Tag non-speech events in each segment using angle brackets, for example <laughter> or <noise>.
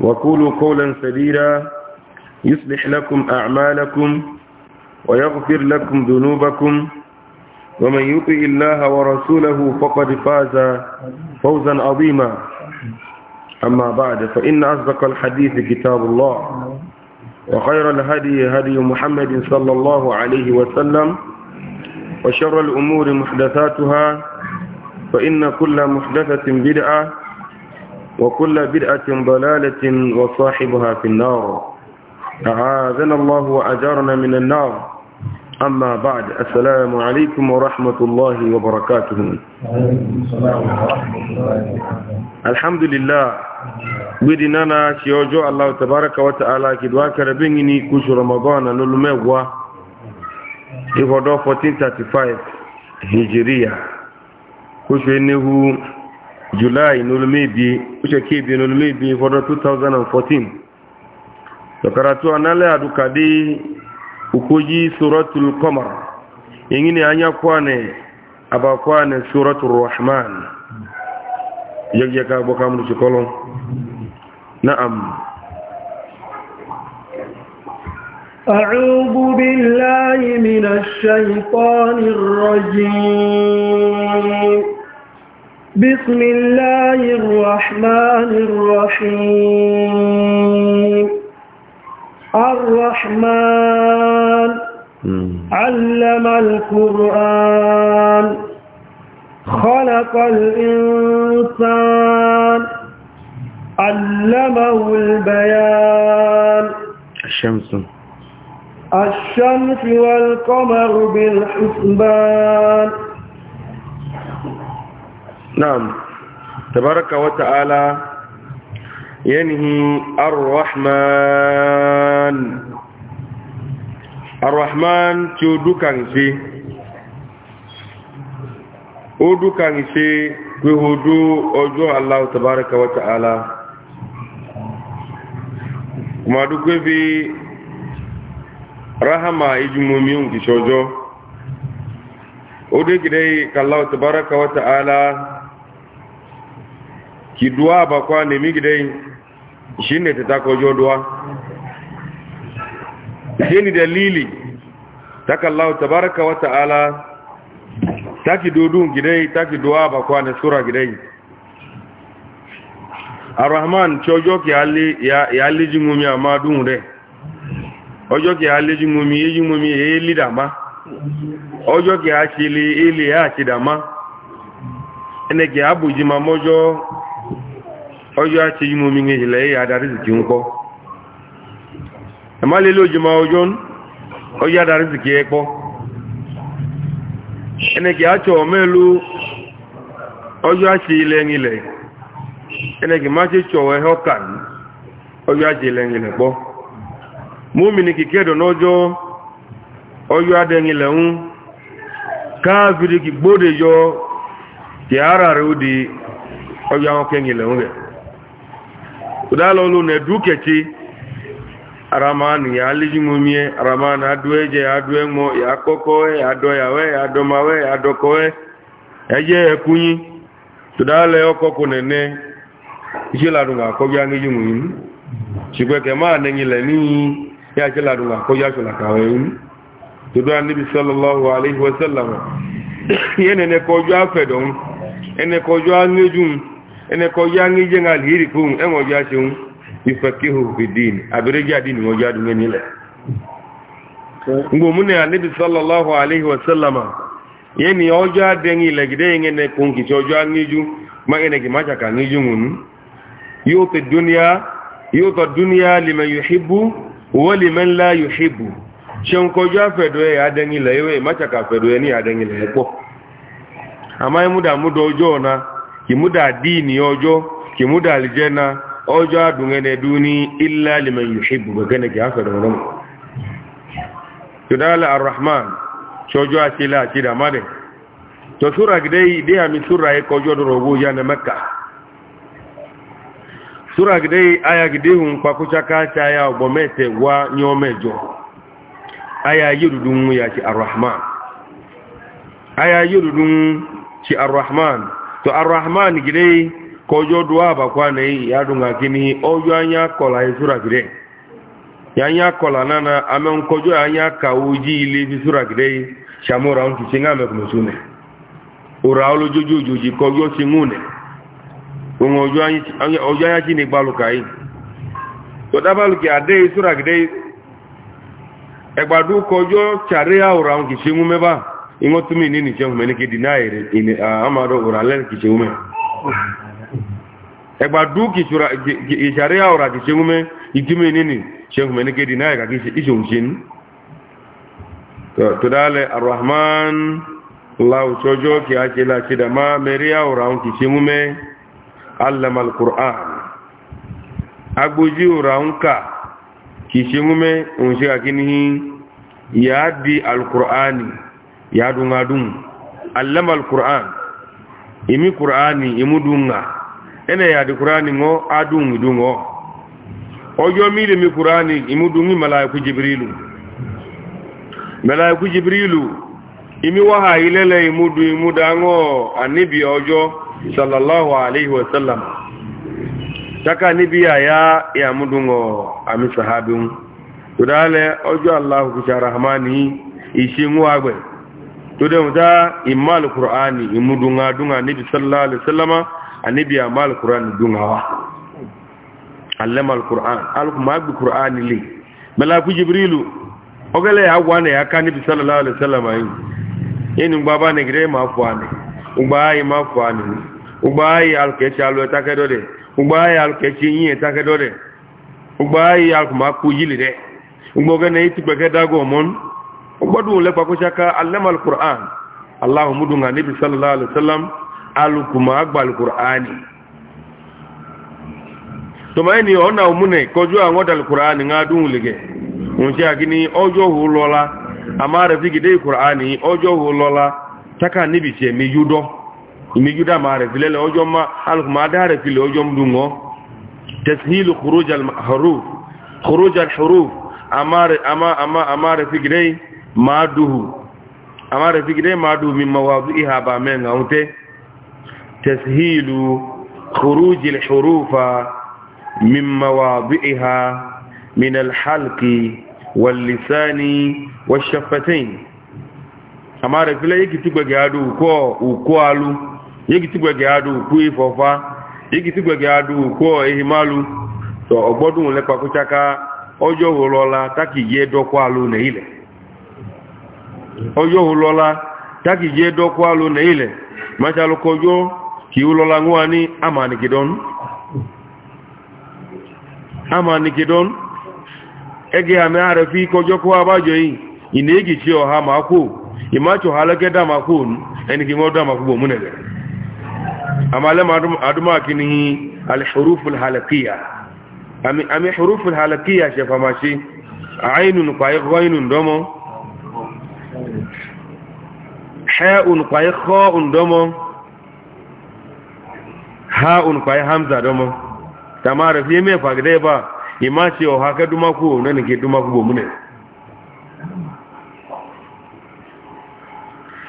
وقولوا قولا سديدا يصلح لكم أعمالكم ويغفر لكم ذنوبكم ومن يطع الله ورسوله فقد فاز فوزا عظيما أما بعد فإن أصدق الحديث كتاب الله وخير الهدي هدي محمد صلى الله عليه وسلم وشر الأمور محدثاتها فإن كل محدثة بدعة وكل بدعة ضلالة وصاحبها في النار أعاذنا الله وأجارنا من النار أما بعد السلام عليكم ورحمة الله وبركاته الحمد لله بدنا شيوجو الله تبارك وتعالى كدواك ربيني كوش رمضان نلموا إفضاء 1435 هجرية كوش إنه july nolumebi uchekebi nolumebi fọdọ 2014 tọkaratu anale adukade ukoji suratul qamar yengine anya kwane abakwane suratul rahman yagyaka boka mu chikolo na'am أعوذ بالله من الشيطان الرجيم بسم الله الرحمن الرحيم الرحمن علم القرآن خلق الإنسان علمه البيان الشمس الشمس والقمر بالحسبان نعم تبارك وتعالى ينهي الرحمن الرحمن تودوكان في odúkàní ṣe gbéhodó ọjọ́ aláwọ̀ tàbárakà wátàálá kùmàdúkwé bí rahama ijumomi ohun kìṣọjọ́ ó dé gidẹ́ kàláwọ̀ tàbárakà wátàálá ki ba kwa nemi gidai shi ne ta takojo duwa shi ni dalili takallahu tabaraka wa ta'ala taki dodun gidai taki duwa ba kwa na sura gidai rahman chojo ki ali jingumi ama dun re ojo ki ali jingumi ye jingumi ye lidama ojo ki asili ile ya chidama ene ki abuji mamojo ọjọ́ àti yí mú mi ní ilẹ̀ adarí zìkí ń kọ́. ẹ̀má lélo jùmọ́ ọjọ́ ọjọ́ adarí zìkí ẹ pọ́. ẹnẹ̀kì àtọ̀ mẹ́lú ọjọ́ àti ilẹ̀ ilẹ̀ ẹnẹ̀kì má ti tọ̀ ẹ̀họ́kà ọjọ́ àti ilẹ̀ ilẹ̀ pọ́. mú mi ní kíkẹ́ dọ̀ lọ́jọ́ ọjọ́ adẹ́ ilẹ̀ ń káàfìdí gbódè yọ tí ara rẹ̀ ó di ọjọ́ àwọn kẹ́ ilẹ̀ ń rẹ̀. udalolu ne dukeci aramani ya alijimumie aramani adueje ya aduemo ya kokoe ya adoyawe ya adomawe ya adokoe eje ekunyi ya okoko nene ijiladunga akobya ma chikweke maa nengile ni ya chiladunga akobya chulakaweini tudu anibi sallallahu alaihi wasallam yenene kojo afedon ene kojo angejun ene ko ya ngi je ngal hiri kum e ngo ja chun yufakihu fi din abire ja din ni wasallama yeni oja dengi gide ngene kun ki choja ngiju ma ene ki macha ka ngiju ngun yuti dunya yuti dunya liman yuhibbu wa liman la yuhibbu ṣeun kọjọ́ àfẹ̀dọ̀ ẹ̀ adẹ́yìnlẹ̀ ẹ̀ ní ọjọ́ ọ̀nà kimuda dini ojo kimuda aljana ojo adungene duni illa liman yuhibbu gane ki haka da wannan tudala arrahman chojo asila asida made to sura gidai dai ami sura e kojo do rogo ya aya yirudun ya ci arrahman aya yirudun ci arrahman to arrahman gire kojo duwa ba kwa yi ya dunga kini ojo anya kola yi sura gire ya anya kola nana amen kojo anya ka uji ile bi sura gire shamura unki singa me kumusune uraolo juju juju kojo singune ungo ojo anya ojo anya chini baluka yi to dabalu ki ade sura gire egbadu kojo chare ya ura unki singu meba ingo tumi nini chemu meni ki dinaire ini ah, amado uralen ki chemu egba du ki chura ki sharia ora ni chemu me igimi nini chemu meni ki dinaire ka ki isu mjin to to dale arrahman allah chojo ki achila chida ma meria ora ki chemu me allama alquran agboji ora unka ki chemu me unshi akini ya di alqurani ya dunga dun allama alquran imi qur'ani imu dunga ene ya di qur'ani ngo adun dungo ojo mi le mi qur'ani imu dungi malaiku jibrilu malaiku jibrilu imi waha ilele imu du imu dango anibi ojo sallallahu alaihi wasallam taka nibi ya ya mudungo ami sahabun kudale ojo allah ku rahmani ishi ngwa gbe tudun da imal qur'ani imudunga dunga nabi sallallahu alaihi wasallama annabi amal qur'ani dungawa allama alquran alkuma bi qur'ani li malaku jibrilu ogale ya gwa ne ya ka nabi sallallahu alaihi wasallama yin yin baba ne gire ma fuani ugba yi ma fuani ugba yi alkechi alu takedo de ugba yi alkechi yin takedo de ugba yi alkuma ku yili de ugbo gane itigbeke dago mon gbọ́dún lẹ́pàá kó ṣaká alẹ́mà alkùrán aláhùnmúdùn àníbi sallallahu alaihi wasallam alùkùnmọ̀ àgbà alkùrán tọ́mọ̀ ni ọ̀nà òmúnẹ̀ kọjú àwọn ọ̀dà alkùrán ní adúhùn lẹ́gẹ̀ oúnjẹ́ àgíní ọjọ́ hù lọ́la a máa rẹ̀ fígidé ìkùrán ní ọjọ́ hù lọ́la taka níbi tí ẹ̀mí yúdọ́ ìmí yúdá máa rẹ̀ filẹ́lẹ̀ ọjọ́ má alùkùnmọ̀ adá rẹ̀ filẹ̀ ọjọ́ mdùn ọ́ tẹ̀síhìlù kúrójà alhuruf a máa rẹ̀ maaduhu ama rafiki dai maaduhu min mawadu'iha ba men gaute tashilu khuruj al-hurufa min mawadu'iha min al-halqi wal-lisani wash-shaffatain ama rafila yiki tigbege adu ko uko alu yiki tigbege adu ku ifofa yiki tigbege adu ko ehimalu to ogbodun le pa ojo wo taki ye dokwa ne ile ọjọ́ olọ́lá tákì jẹ́ dọ́kọ́ alò nà ilẹ̀ máṣálùkọjọ́ kí olọ́lá ń wá ní amànìkìdọ́n ẹgẹ́ àmì ààrẹ fi kọjọ́ kó abájọ yìí ìní ègì tí ọha máa kó ìmáṣọ̀ alẹ́gẹ́ dáma kó ẹnikí wọ́n dáma kó gbòmúnẹ̀ rẹ̀ àmàlẹ́m adúmáàkì ni alìhuruful halakiyya àmì huruful halakiyya ṣẹfàmáṣe ha'un kwaye kha'un domo ha'un kwaye hamza domo tamara fiye mai fagidai ba ima ce o haka dumaku na nake dumaku gomune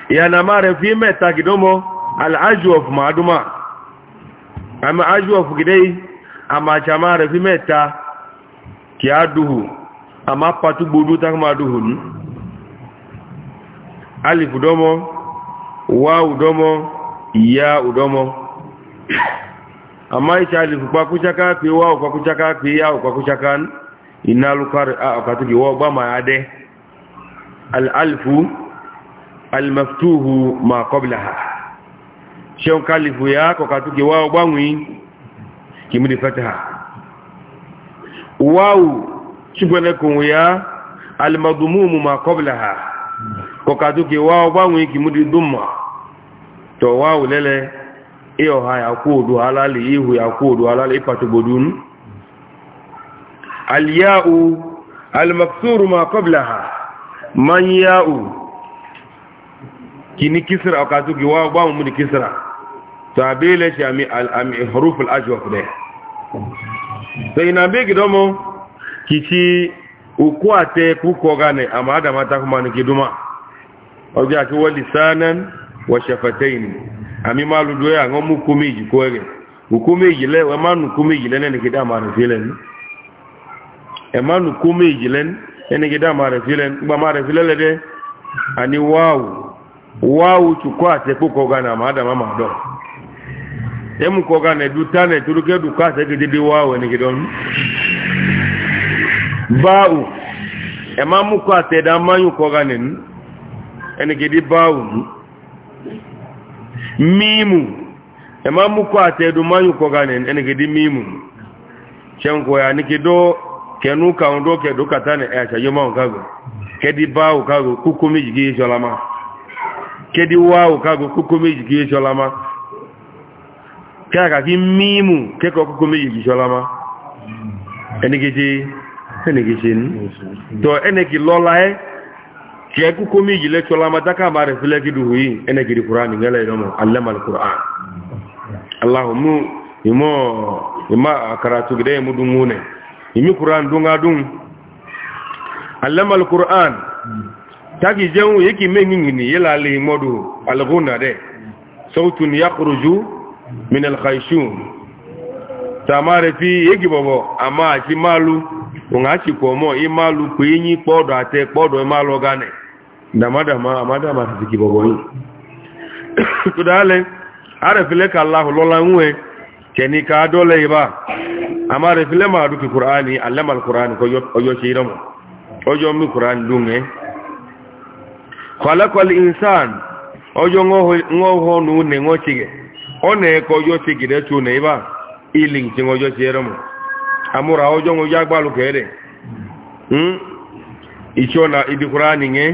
yana mara fiye mai taki domo al'aju of ma'aduma amma aju of gidai amma tamara fiye mai ta ki aduhu amma patu gbodu ta kuma alif domo wawu domo ya udomo amma ita alif kwa kuchaka pe wawu kwa kuchaka pe ya kwa kuchakan inalukar a katuki wawu ba ma ade al alfu al maftuhu ma qablaha shon kalifu ya kwa katuki wawu bangwi kimudi fataha wawu chibone kun ya al madmumu ma qablaha kọkàdókè wá ọgbáwọn ikì múdí dùnmọ̀ tọ̀ wá ò lẹ́lẹ́ ẹ ọ̀ha yàkó òdò alálẹ̀ ihò yàkó òdò alálẹ̀ ìpàtàgbòdún aliyáò alimaksoro ma kọbìlà ha ma ń yáò kì ní kísìrà ọkàdókè wá ọgbáwọn múdí kísìrà tọ̀ àbẹ́lẹ̀ ṣe àmì ìhọrúfù ajọ́f kìí òkú àtẹ́ púpọ̀ gánẹ̀ àmà àdàmátàkùnmà ní kìdúmà ọjọ́ àti wọ́n lè sáánán wọ́n ṣẹfẹ̀tẹ́ ìní àmì máa lu dúró àwọn mú kó méjì kó ẹ̀rẹ̀ òkó méjì lẹ́ ẹ̀ máa nù kó méjì lẹ́nu ẹnì kìdá máa rẹ̀ fi lẹ́nu ẹ̀ máa nù kó méjì lẹ́nu ẹnì kìdá máa rẹ̀ fi lẹ́nu gbà máa rẹ̀ fi lẹ́lẹ́ dẹ́ àní wáwù wáwù tukọ́ àtẹ̀kọ́ kọ́ga náà máa dàmá máa dọ̀ ẹ̀ mú náà ẹ̀dú tánà ìtòlókẹ́ kọ́ àtẹ̀dá ẹnìkèdí báwùlú mímù ẹ̀má mú kọ́ àtẹ́dùn máa yùn kọ́gá ní ẹnìkèdí mímù ṣẹ́nkọ́ ya ní kìdọ́ kẹnu kàún dọ́ kẹdọ́ kàtà ní ẹ̀ṣàyọ́ máa kágo kẹ́dí báwù kágo kúkú méjì kí ṣọlámá kẹ́dí wáwù kágo kúkú méjì kí ṣọlámá kẹ́kàkí mímù kẹ́kọ̀ọ́ kúkú méjì kí ṣọlámá ẹnìkèjì ẹnìkèjì ní tọ́ ẹnìkì lọ́la ẹ́ kegu ko mi jile chola ma daka ma refle ki duhu yi ene giri Qur'an ni ngale yomo allama al-Qur'an Allahumma imo ima karatu gide mu dum ngune imi Qur'an dunga dum allama al-Qur'an tagi jeng yeki mengi ngini yela le modu al-ghuna de sautun yakhruju min al-khayshun tamare fi yeki bobo ama ati malu ngachi ko mo imalu kwinyi podo ate podo imalu gane dama dama ma dama ti ki bogo yi to dale ara fi le ka allah lo la nwe ke ni ka do le ba ama re fi le ma du ki qur'ani allama al qur'an ko yo o yo shi ramu o yo mi qur'an du nge khalaqa al insan o yo ngo ngo ho nu ne ngo chi ge o ne ko yo chi ge de tu ne ba ilin ti ngo yo shi ramu amura o yo ngo ya gba lu ke re hm ichona idi qur'ani nge eh?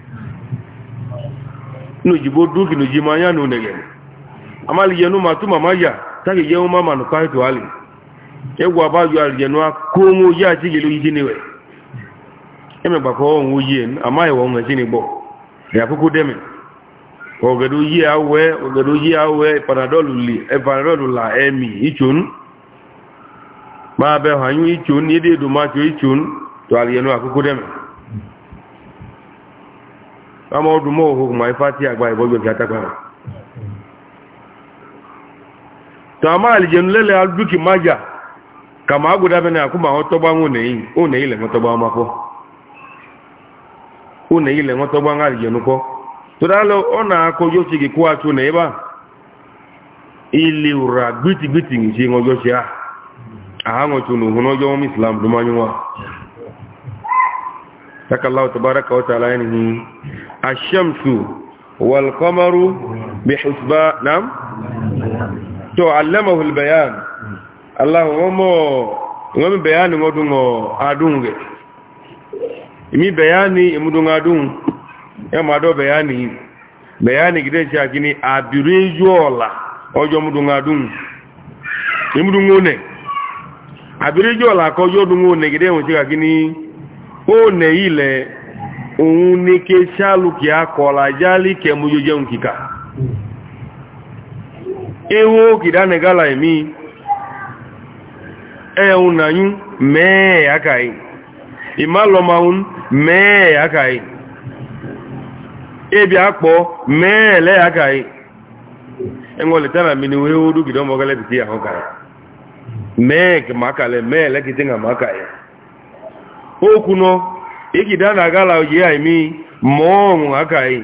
nujibo duki nujimanya nunegeni ama lijenu matuma maja taki jenu mama nukai tu hali kegu wabazu ya lijenu wa kumu ya chiki lugi chiniwe eme bako o ngujien ama ya wonga chini bo ya kukudeme kwa ugeduji ya uwe ugeduji ya uwe panadolu li eh, panadolu la emi ichun maa beho hanyu ichun yidi edumacho ichun tu alijenu wa kukudeme kwa ama ọdún mọ́ òhun ma ifá tí àgbà ìbọ́gbẹ̀ fi àtàkà rẹ̀ tààmà àlìjẹ̀nú lẹ́lẹ̀ adúkì májà kàmà ágùdá bẹ́ni àkúmà àwọn tọ́gbà ònèyí lẹ̀wọ́n tọ́gbà àlìjẹ̀nú kọ́ tó dálọ́ ọ̀nà akọjọ́ sí kíkó àti ònèyí bá ilé òrà gbìtìgbìtì ń ṣe ọjọ́ ṣe àhánà tó nù saka Allah tabaraka wa ta'ala yanihi ash-shamsu wal qamaru bi husba nam to allamahu al-bayan Allah ngomo ngomi bayani ngodungo adunge imi bayani imudunga adun ya mado bayani bayani gidan shi akini abirejola ojo mudunga adun imudungo ne ko jodungo ne gidan shi akini one ile òun ní ké ṣálùkì akọ̀ọ̀lá jálì kẹmú yóò jẹun kìkà ewó kìdánegálà ìmí ẹ̀hùn nàyún mẹ́ẹ̀ àkàí ìmálọmaun mẹ́ẹ̀ àkàí ebi àpọ̀ mẹ́ẹ̀lẹ́ àkàí ẹ̀wọ̀n lè tánà mi ni wéhódú kìdánmọ́gálẹ́ okuno yekida na agala oye aimi mọọnwụ akaghị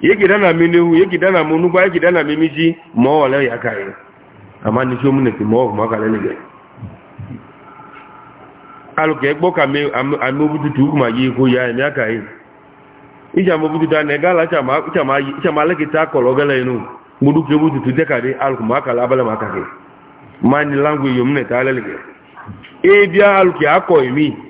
yekida na minehu yekida na munugba yekida na mimiji mọọ ole ya akaghị ama ni shomu ne mọọ ma kale ne ge alu ke gbo ka me amu bututu kuma yi ko ya emi akaghị ija mo bututu na gala ma chama chama ma le kita kolo gele inu mudu ke bututu de kare alu kuma kala abala ma kake mani langu yomne ta lele ge ebia alu ke akọ emi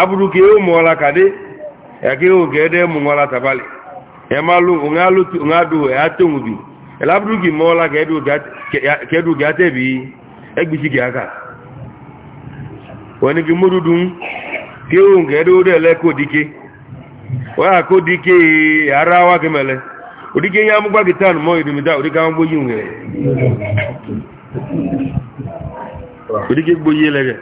abụrụ ka ewu mụọla ka dị ake ewu ka ede mụnwala tabali emalu ngalu ngadu atungubi elabụrụ ka mụọla ka edu ka edu ga tebi egbisi gị aka wani gị mụrụ dum ka ewu ka edu ele ko dike wa ko dike ara wa kemele odike ya mugba gị tan mo idumida odike amgbo yi nwere odike gboyi elege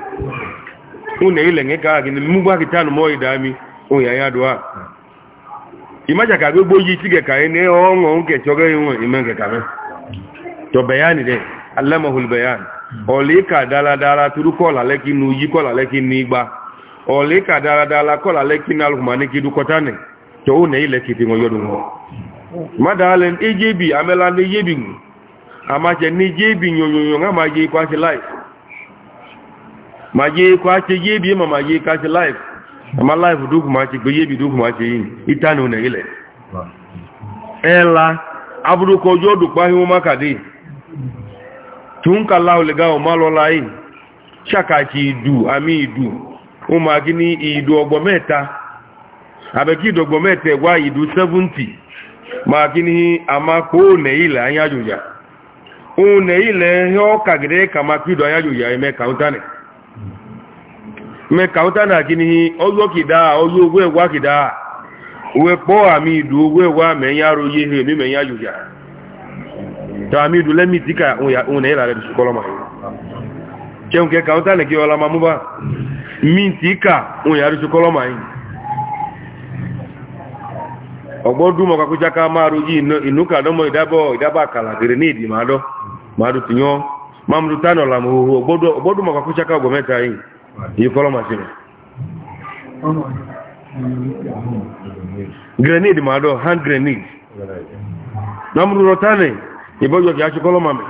ne ile nge kaa gini mungu haki tanu moi dami uya ya duwa ima cha kabe boji chike kaa ne ongo unke choke yungo ima nge kabe to bayani de alama hul bayani olika dala dala turu kola leki nuji kola leki nigba olika dala dala kola leki nalukumane kidu kotane to une ile kiti ngo yodu ngo ima dale ejebi amelande ejebi ngu ama cha nejebi nyonyonyonga maji kwa si life ma je ko ace yebi ma ma je ka ce life ma life du kuma ce yebi du kuma ce yin ita no na ile ela aburu ko jo du pa hiwo maka de tun ka lawo le ga o ma lo lai chaka ki du ami du o ma gini idu ogbo meta abe ki dogbo meta wa idu 70 ma gini ama ko ne ile anya joja o ne ile he o kagide kama ki do anya joja eme ka utane me kauta na kinihi oyo kida oyo ogwe gwa kida uwe po ami du ogwe gwa me nya ro ye he mi me nya yuja ta ami du le mitika unya una ila re sukolo ma cheun ke kauta ne ki ola ma muba mitika unya re sukolo ma yin ogbo du mo ka kuja ka ma ro yi inuka do mo idabo idaba kala gere ni di ma do ma do tinyo mamdu tano la mo ogbo du mo ka kuja ka go meta yin yìí kọ́lọ́ máa ṣe grenade máa dọ̀ hand grenade namuru rọ̀tánì ìbọ́jọ́ kìí aṣíkọ́lọ́ máa mẹ́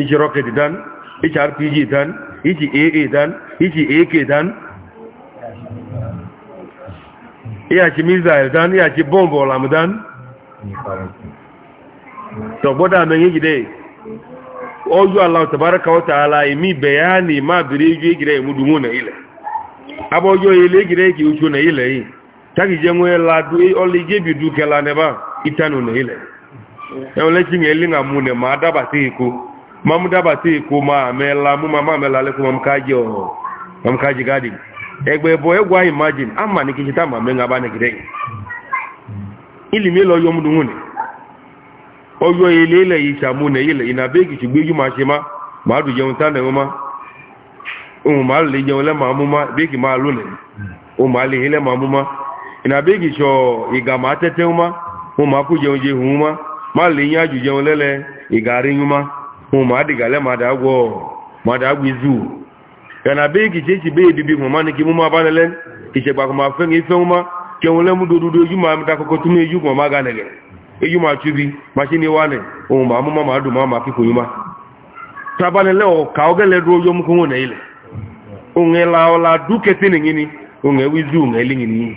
ìṣe rocket dan ìṣe rpg dan ìṣe aa dan ìṣe ak dan ìyàṣì missile dan ìyàṣì bomb ọ̀làmù dan tọ̀gbọ́dà mẹ́yìn jìdẹ́ ọjọ́ allah tabaraka wa ta'ala ya bayani ma biri ju igire mudumu na ile abo yo ile igire ki uchu na ile yi taki jenwe la du oli gebi du kala ne ba itanu na ile e ole chi ngeli nga mu ne ma daba ti ku ma mu daba ti ku ma mela mu ma ma mela le ku ma kaji ma ni ọjọ́ ilé ilẹ̀ yìí ṣàmú ilẹ̀ ìnà bẹ́ẹ̀kì ṣùgbéjú máa ṣe má máa dùn jẹun tánà wọn má ohun máa lè jẹun lẹ́màá mú má bẹ́ẹ̀kì máa lónẹ̀ ohun máa lè lẹ́màá mú má ìnà ṣọ ìgà tẹ́tẹ́ wọn má ohun máa kú jẹun jẹ hùn má máa lè yín àjù jẹun lẹ́lẹ̀ ìgà rí yún má ohun máa dìgà dàgbọ́ eyu ma tubi machine wane o ma mu ma du ma ma ki kunyuma tabane le o ka ogele dro yo mu kunwo ile o nge la o la du kete ni ngini o nge wizu nge li ngini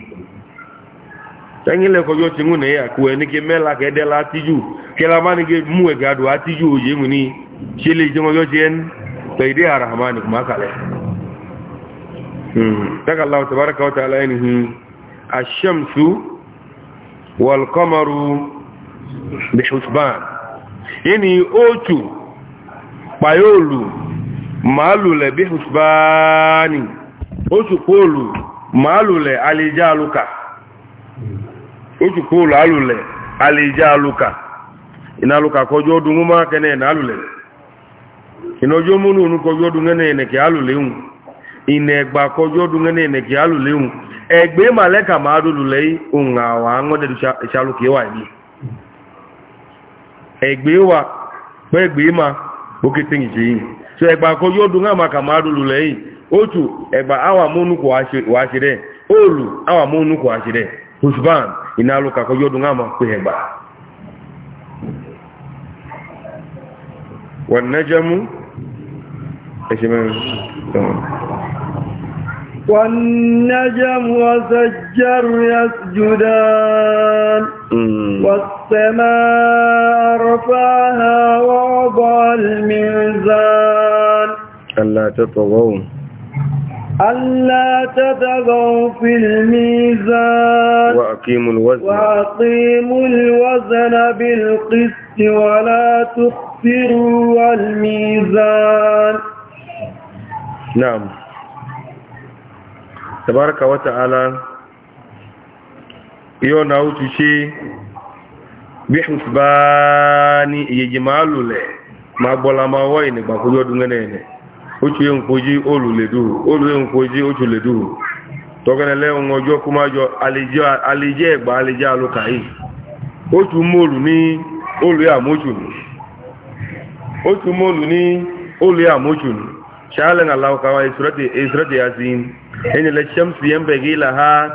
tangi le ko yo tingu ne ya ku eni ke mela ke de la tiju ke la mani ke mu e gadu bishusban yini otu payolu malule bishusbani otu polu malule alijaluka otu polu alule alijaluka inaluka kojo dunguma kene nalule inojo munu nu kojo dungene ne ki alule un inegba kojo dungene ne ki alule un egbe maleka madulule un awa ngode chaluki wa ni egbe wa pẹ́gbẹ́ ma bókété ìṣe yìí so ẹgbà kọ yóò dún àmà kà otu ẹgbà àwà múnú kò wáṣẹ rẹ̀ oòlù àwà múnú kò wáṣẹ rẹ̀ husband iná alùkà kọ yóò dún والنجم وسجر يسجدان والسماء رفعها ووضع الميزان ألا تطغوا ألا تطغوا في الميزان وأقيموا الوزن وأقيموا الوزن بالقسط ولا تخسروا الميزان نعم tabaraka wa ta'ala iyo na wuce ce bihus ba ni iyeji ma lule ma gbola ma wai ni ba kuyo dunga ne ne ochu yin koji olu le duru olu yin koji ochu le duru to gane le on ojo kuma jo alije alije egba alije aluka yi ochu molu ni olu ya mochu ni ochu molu ni olu ya ni shalen allah kawai surati surati yasin إن لا الشمس ينبغي لها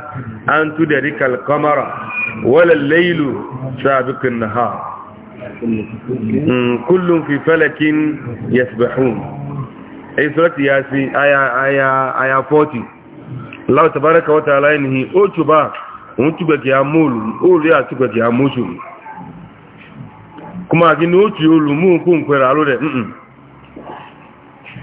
أن تدرك القمر ولا الليل سابق النهار كل في فلك يسبحون أي سورة ياسي آية آية آية 40 الله تبارك وتعالى إنه أوتبا أوتبك يا مول أولي أتبك يا موسم كما أكين أوتي أولو مو كون كوير على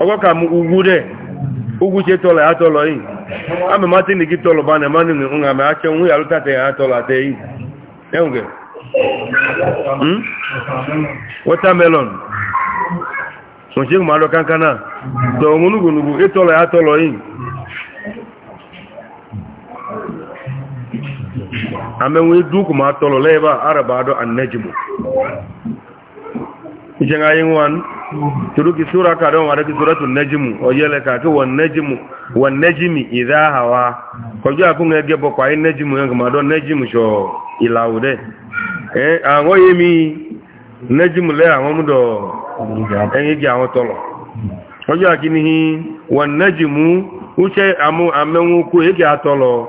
ọkọ ka m ugwu dẹ ugwu che tọlọ ya tọlọ yìí ama ma ti ni gị tọlọ ba na ma ni nga ma ache nwu ya ya ate yìí ẹnwụ gị hmm? watermelon nche ma dọ kankana tọ onugunugu ịtọlọ e ya yìí ijin ayin wan turuki sura ka don wadaki suratul najm o yele ka ke wan najm wan najmi idha hawa ko ju ege bo kwa najm yang ma don najm sho ilaude eh awon yemi najm le awon mu do en igi awon tolo ko ju akini wan najm u che amu amenwu ku igi atolo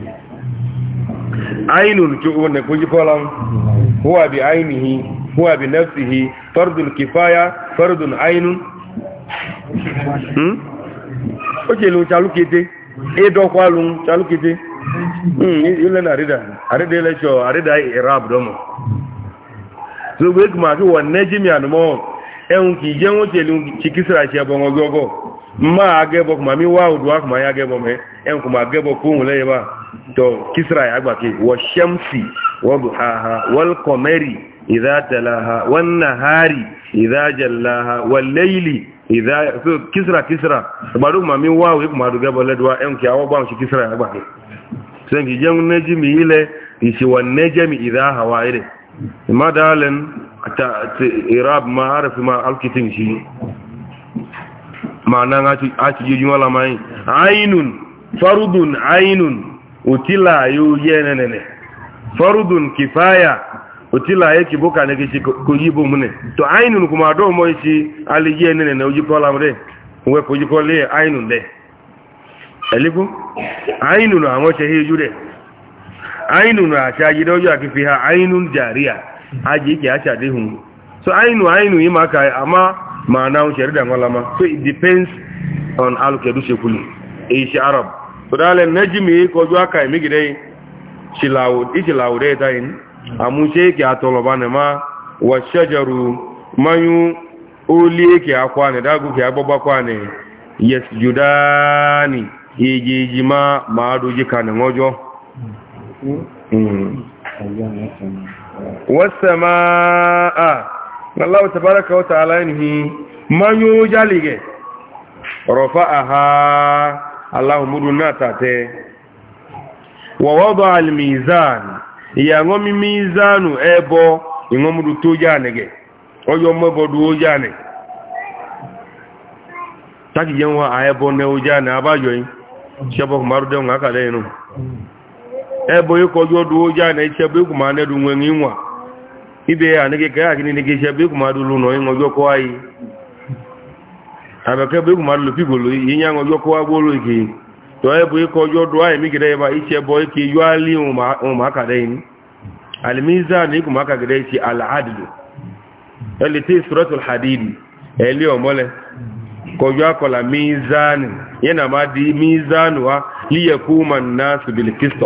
ainun ne kuji kolan huwa bi ainihi huwa bi nafsihi fardul kifaya fardun ainun hmm oje lu chalu kete e do hmm ile na rida arida ile cho arida irab domo so gbe kuma ki won nejimi anumo ehun ki je won chelu chikisra se bon ogogo ma agebo kuma mi wa odu akuma ya gebo me ehun kuma agebo ku hun ba to kisra ya gbake wa shamsi wa duhaha wal qamari idha talaha wan nahari idha jallaha wal layli idha so kisra kisra baru mami wa we kuma du gabo ledwa en ki awo ba kisra ya gbake sen ki jeng najmi ile isi wan najmi idha hawa ile ma dalen nan a ci jujun wala ainun farudun ainun utila yu yenene farudun kifaya utila yake boka ne kishi kujibu mune to ainun kuma do moishi ali yenene ne uji kola mre uwe kuji kole ainun de eliku ainun amoche hi jude ainun acha jido yu akifiha ainun jaria aji ki acha de hun so ainu ainu ima ka ama maana usharida ngolama so it depends on alu kedushe kuli ishi arab todale najimi kojú aka imi gidai ishilawude ta yin amúṣe kí atọlọba ni wà ṣẹjẹrù mayu olí kí akwa ni dágù kí agbọ́gbà kwa ni yes judani ìjìjì ma ma dojí ka ni mm. wọ́jọ́ wọ́sẹ̀ máa Allah tabaraka wa ta'ala yanhi man yujalige rafa'aha aláhùn múrù náà tàtẹ́ wọ̀wọ́dọ̀ alìmìzán ìyàwó mímìzánù ẹbọ ìwọ̀múrù ne, yà nẹ̀gẹ̀ ọjọ́ mọ́bọ̀dù ó yà nẹ̀ tákì jẹ́ wọn àẹbọ nẹ ó yà nẹ̀ abájọ́ yìí ṣẹ́bọ̀ kùmárùdẹ́wọ̀n àkàlẹ́ inú ẹbọ yìí kọjú ọdún ó yà nẹ̀ ṣẹ́bọ̀ kùmárùdẹ́wọ̀n ìwọ̀n ibẹ̀ àníkẹ́kẹ́ àkíní ní kí ṣẹ́bọ̀ kùmárùdẹ́wọ̀n ọjọ́ kọ́ ayé ameke be kuma lu pigolo yinya ngo yoko wa bolo ki to e bu ko yo do ai mi gide ba iche boy ki yo ali um ma ka dai ni al mizan ni kuma ka gide ci al adl alati suratul hadid eli o mole ko mizan yana mizan wa li yakuma an-nas bil qist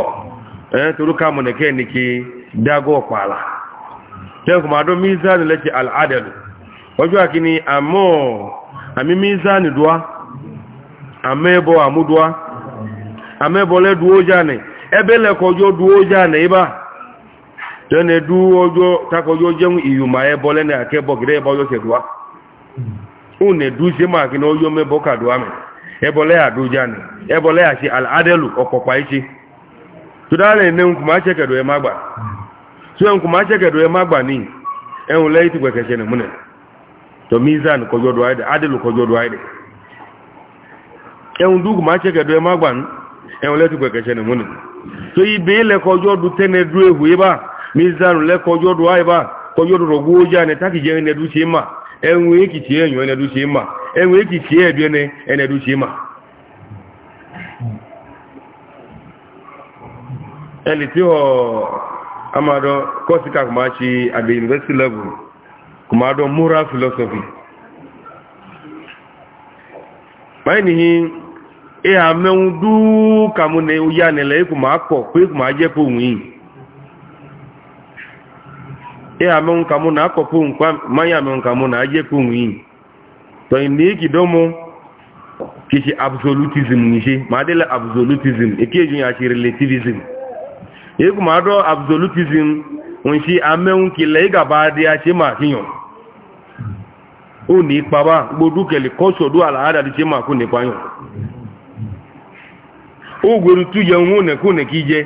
eh to ruka mo ne ke ni mizan lati al adl ojo amo ami mizani dua amebo amudua amebo le duo jane ebele kojo duo jane iba tene du ojo takojo jeun iyuma ebo le na kebo gire ebo yo se dua une du se ma kino yo mebo ka dua me ebo le adu jane ebo le asi al adelu opopa ichi tudale ne nkuma chekedo e magba so nkuma chekedo e magba ni ehun le iti gbekese ne munene to mizan ko jodo ayde adelu ko jodo ayde e un dugu ma che gedo e magban e un letu gbeke chene mun to ibe le ko jodo tene du ehu iba e mizan le ko jodo ayba ko jodo rogu oja ne taki je ne du sima e un eki ti enyo ne du sima e un eki ti e bi ne ene du sima ẹni tí ọ amado kọ́síkà kò máa ṣe àgbè university level kuma don moral philosophy báyìí nìyí ìhà mẹ́un dúkàmù na ya nílẹ̀ ikú e ma kọ̀ pé ikú ma jẹ́ fóhùn yìí ìhà mẹ́un kàmù náà kọ̀ fóhùn máyà mẹ́un kàmù náà jẹ́ fóhùn absolutism ní ma absolutism èkéjì relativism nshi amewun kile iga ba di a se ma kiyan o ni ipa ba gbogbo kele kọsọdọ alahada di se ma kú nípa yàn o gbèrú tú yẹ ohun nẹkú nẹkí jẹ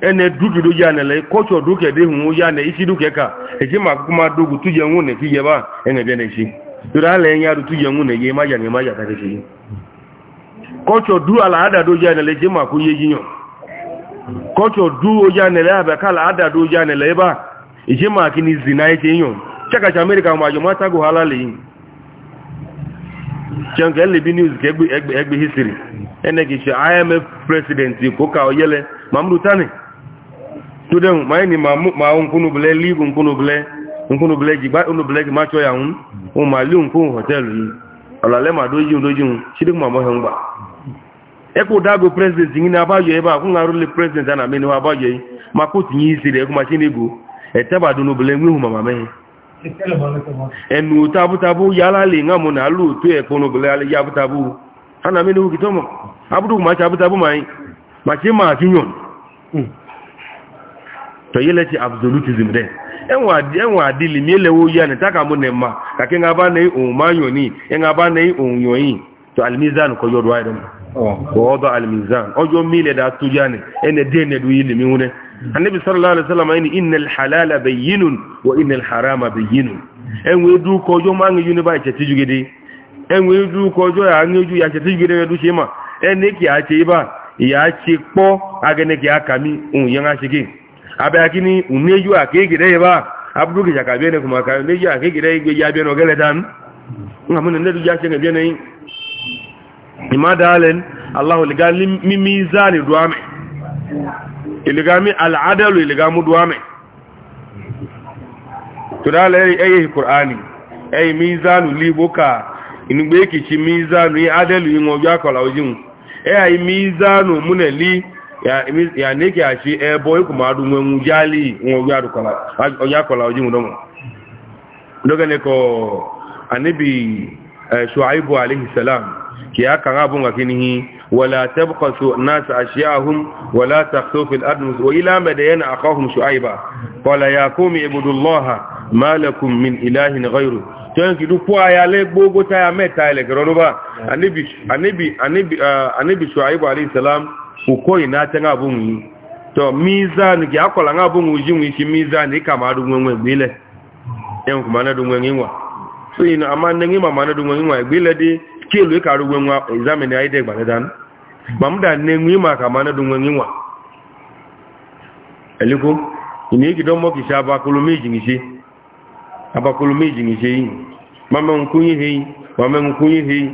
ẹnẹ dúkìdó yà nẹlẹ kọsọdọ kẹdẹ ohun yà nẹ isi dúkẹka èsì ma kú ma dogun tú yẹ ohun nẹkí yẹ bá ẹnẹ bẹ nẹsí torí alẹ ẹyìn adùtú alahada do yà nẹlẹ se ma kú kocho du ojanele abekala adadu ojanele ebe a iji maka ni zina ite inyo chakacha amerika ma jo mata go halal yin chenga lebi news ke egbe egbe egbe history ene ki imf president ko ka oyele mamrutani tudem mai ma gba nkunu bele ma ekwu dago prezident gị na-abaghị ebe a kwụ narụli prezident a na ameniw agbaghị maka otinye isi ri ekwu machi n'igbo etebado n'obele nwe ihu mama meghe enu otu abụtabụ ya alali nga mụ e na alụ otu ekpo n'obele ala ya abụtabụ a na ameniwu gị abụrụ machi abụtabụ ma anyị machi ma akinyon hmm. toyeleti absolutism de enwe adili mi elewo ya na taka mụ na mma ka ke nga ba na ohun ma nyoni e nga ba na ohun yoyin to alimizan ko yoruwa idan ووضع الميزان أجو ميلة دا تجاني إن دين دوي لميونة النبي صلى الله عليه وسلم إن إن الحلال بين وإن الحرام بين إن ويدو كوجو ما أنجي نبا يشتجو جدي إن ويدو كوجو أنجي يشتجو جدي ويدو شما إن نكي أشي إبا يأشي كبو أغنكي أكامي أن ينعشيكي أبا أكيني أنيجو أكيكي دي إبا أبدو كي شكابيني كما كايو نيجو أكيكي دي إبا يابين وغلتان نعم نندو جاشي نبيني imadalen allahu liga mi mizani duame iliga mi al'adalu iliga mu duame tudala eri eye qur'ani eye mizanu liboka inugbe kichi mizanu yi adalu yin ojo akola ojin eye mizanu muneli ya ya neke ashi ebo iku madu nwenwu jali ojo akola ojo akola ojin domo doga ne ko anibi eh, shuaibu alayhi salam كي أكا غابون كنه ولا تبخسوا الناس أشياءهم ولا تخسوا في الأرض وإلى مدين أخاهم شعيبا قال يا قوم اعبدوا الله ما لكم من إله غيره tẹ́yìn kìí dúpọ́ ayalẹ́ gbogbo táyà mẹ́ta ilẹ̀ kẹrọ ló bá anábì ṣùgbọ́n àríṣàlám kòkó ìná tẹ́ngà bóhùn yìí tọ́ mízánì kìí akọ̀lá ńgá bóhùn jíwìn ìṣe mízánì ìkà máa dùn wọn ìgbélẹ̀ ẹ̀hùn kò máa dùn wọn ìwà kelu ịkara uwe nwa examin anyị dị gbanidan ma m da na-enwe ịma ka ma nedu nwi nwa eliko ị si egide meji kisi abakolomejinisi yi ma ihe yi mamenkwunye ihe yi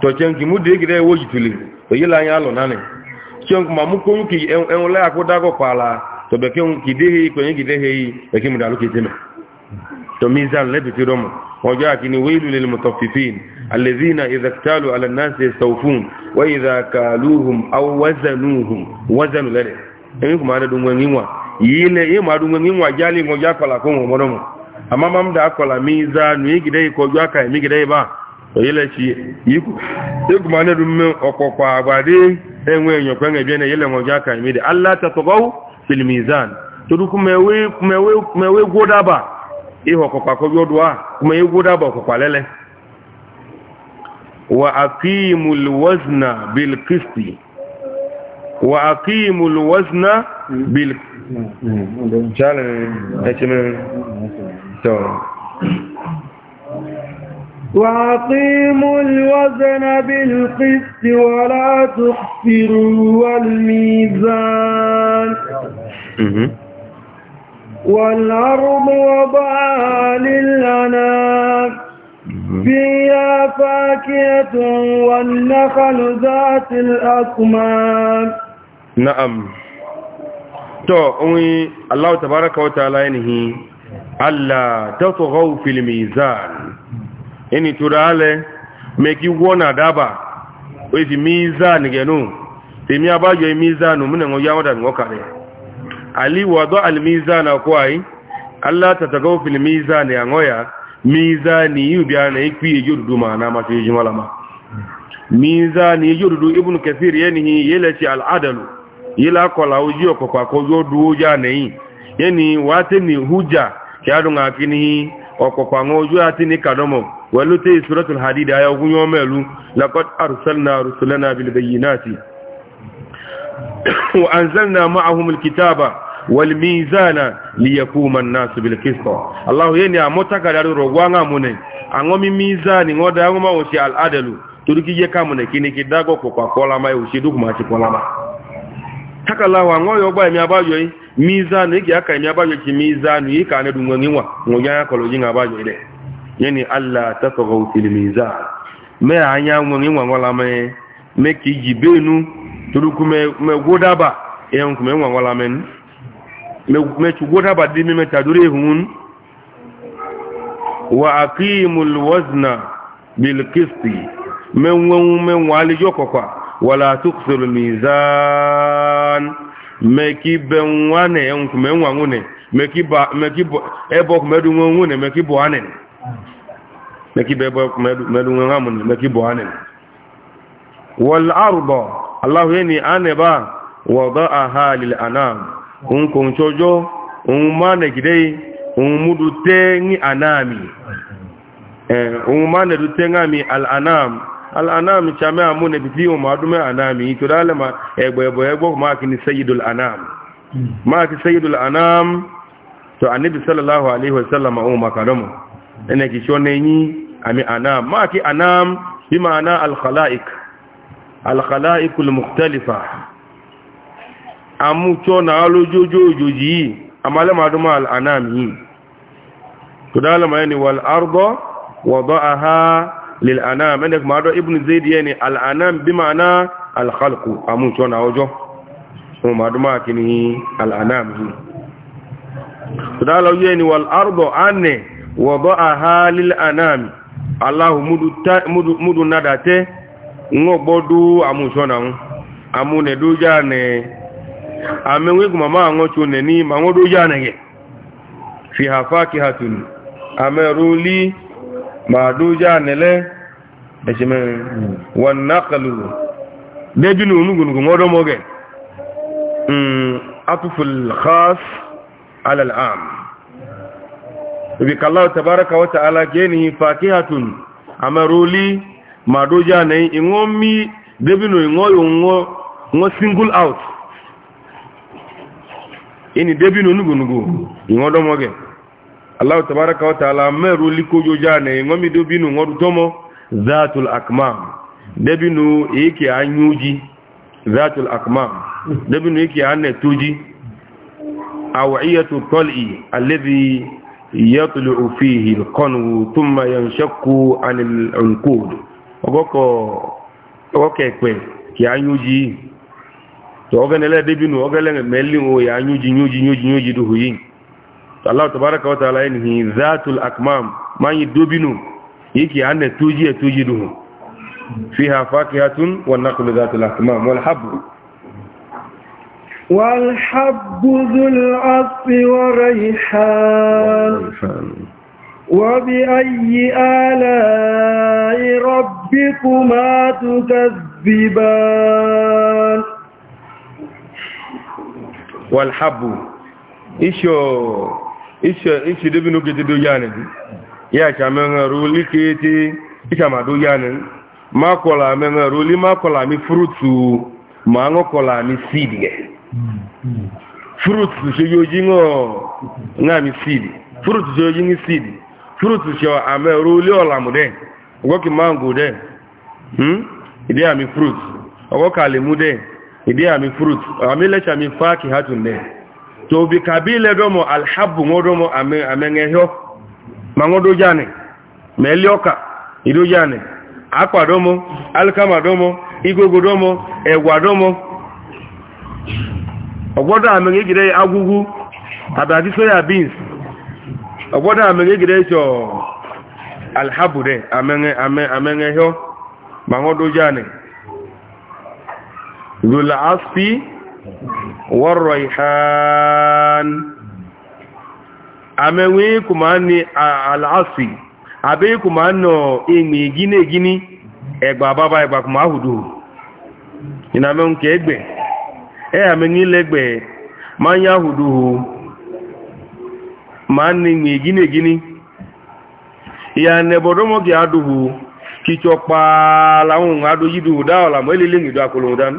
tọche nke mụ dị egide ewo jituli ma mụ kwonye ka yi kwenye gidehe yi ọjọọ akini lil mutaffifin الذين إذا اكتالوا على الناس يستوفون وإذا كالوهم أو وزنوهم وزنوا لدي إنكم معنا دونغوان يموا يلي يما دونغوان يموا جالي موجا كلا كونغو مرمو أما ممدا كلا ميزان ويكي داي كوجوا كاي ميكي داي با yele ci yiku yiku ma ne dum me okoko agbade enwe enyo kwen ebi ne yele ngoja ka mi de allah ta togaw fil mizan to du kuma we kuma we kuma we godaba iho kokpa ko yodwa kuma ye godaba kokpa lele وَأَقِيمُ الوزن بالقسط وَأَقِيمُ الوزن بِالْقِسْطِ وَأَقِيمُ الوزن بالقسط ولا تخسروا والميزان والأرض وضعها للأنام فيها فاكهة والنخل ذات الأكمام نعم تو أمي الله تبارك وتعالى ينهي ألا تطغوا في الميزان إني ترى meki wona daba ofi mizan genu temi abajo mizanu mune ngo yawa da ngo kare ali wado al mizana kwai allah tatagaw fil mizan ya ngoya mizani yu biana ikwi yodudu maana ma fi jimalama mizani yodudu ibn kathir yani yelati al adalu yila kola uji okokwa ko yodu uja nei yani watini huja kiadu ngakini okokwa ngoju atini kadomo walute suratul hadid aya ogunyo melu laqad arsalna rusulana <coughs> walmizana liyakuma an-nasu bil yeni amota rogwanga mune angomi mizani ngoda yango ma kamune kini kidago kwa kola mai ushidu kuma taka angoyo mi abayo yi mizani iki aka mi abayo ki mizani yi kane a ngiwa ngoya yakolo yinga abayo ile yeni Allah me anya ngo ngola me me ki turukume me kuma ngola mẹ́tùgbótà bà dí mímẹ́ tàdúrí ìhun wà àkíyìmùl wọ́zna bilkisti mẹ́wọ́n mẹ́wọ́n alẹ́jọ́ kọ̀kọ́ wà látúkùsùrù mìzán mẹ́kí bẹ̀wọ́nẹ̀ ẹ̀hùnkùn mẹ́wọ́n wọ́nẹ̀ mẹ́kí bẹ̀ẹ̀bọ̀kùnmẹ́dùnwọ́n wọ́nẹ̀ mẹ́kí bọ̀ òun kò ń ṣọjọ́ òun máa nẹ̀gidẹ́ òun múdú tẹ́ ní ànáàmì òun máa nẹ̀dú tẹ́ ní al'anam al'anam ṣàmẹ́ àmúnẹ̀bí tí òun máa dúnmẹ́ ànáàmì tó dálẹ́mà ẹgbẹ̀ẹ̀bọ̀ ẹgbọ́ máa kí ni sayidul anam máa kí sayidul anam tó hmm. anibi sallallahu alaihi wasallam òun makaramu ẹnẹ kì ṣọ́ nẹ́yìn àmì anam máa kí anam bí ma'ana al-khala'ik al-khala'ikul mukhtalifa amúchọ́ náà lójójó òjòjì yìí amálẹ́màdúnmà ànáàmì yìí tó dálàmà ẹni wà l'árùbọ́ wọ̀dọ́ àhá lèlànáàmì ẹni kùmà dọ́ ibùn zédìí ẹni al'anáàmì bí màá náà alhalku amúchọ́ náà ọjọ́ ọmọdúnmà kìíní al'anáàmì yìí tó dálàmà wọ̀dọ́ àhá lèlànáàmì aláhù múdù nádàtẹ́ ń gbọ́dú amúchọ́ náà amúnẹ̀dójá nẹ̀ẹ́ amewe kuma ma ngo chune ni ma ngo do jana ge fi hafaki hatun ameruli ma do jana le ejime wan naqlu de junu unugun ngo hmm, do moge mm atful khas ala al am bi kallahu tabaaraka wa debino ingoyo ngo ngo single out ini debinu nugunugu ingodo moge allah tabaraka wa taala meru likojo jane ngomi debinu ngodu tomo zatul akmam debinu iki anyuji zatul akmam debinu iki anne tuji awiyatu qal'i alladhi yatlu fihi alqanu thumma yanshaqqu anil unqud ogoko ogoke pe ki anyuji to oga nela debi nu oga lenga melli o ya nyuji nyuji nyuji nyuji du huyin to allah tabaaraka wa ta'ala inhi zatul akmam man yidubinu yiki anne tuji ya e tuji du fiha fakihatun wa naqlu zatul akmam wal habbu والحب ذو العصف وريحان وبأي آلاء ربكما تكذبان walhabu isho isho isho debi no kete do yanin ya cha menga ruli kete isha ma do yanin ma kola menga ruli ma kola mi fruitu ma ngo kola mi seed ge fruitu se yoji ngo nga mi seed fruitu se yoji ni seed fruitu se ame ruli ola mu de wo ki mango de hm ide ami fruit owo kale mu de ìdí àmì fruit àmìlẹ́ṣà mi fàákì hàtù nẹ́ tó bí kàbí lẹ́dọ́mọ̀ alhábù mọ́dọ́mọ̀ àmẹ́ngẹ̀ẹ́họ́ mọ́dọ́jáni mẹ́lẹ́ọ́kà ìdójáni àpàdọ́mọ̀ alkamadọ́mọ̀ igogodọ́mọ̀ zul asfi war raihan amewe kuma ni al asfi abe kuma no imi gine gini egba baba egba kuma hudu ina me nke egbe e ame ni legbe manya hudu ma ni imi gine gini ya ne gi aduhu kicho lawun adu yidu da mo elele ngidu akolo dan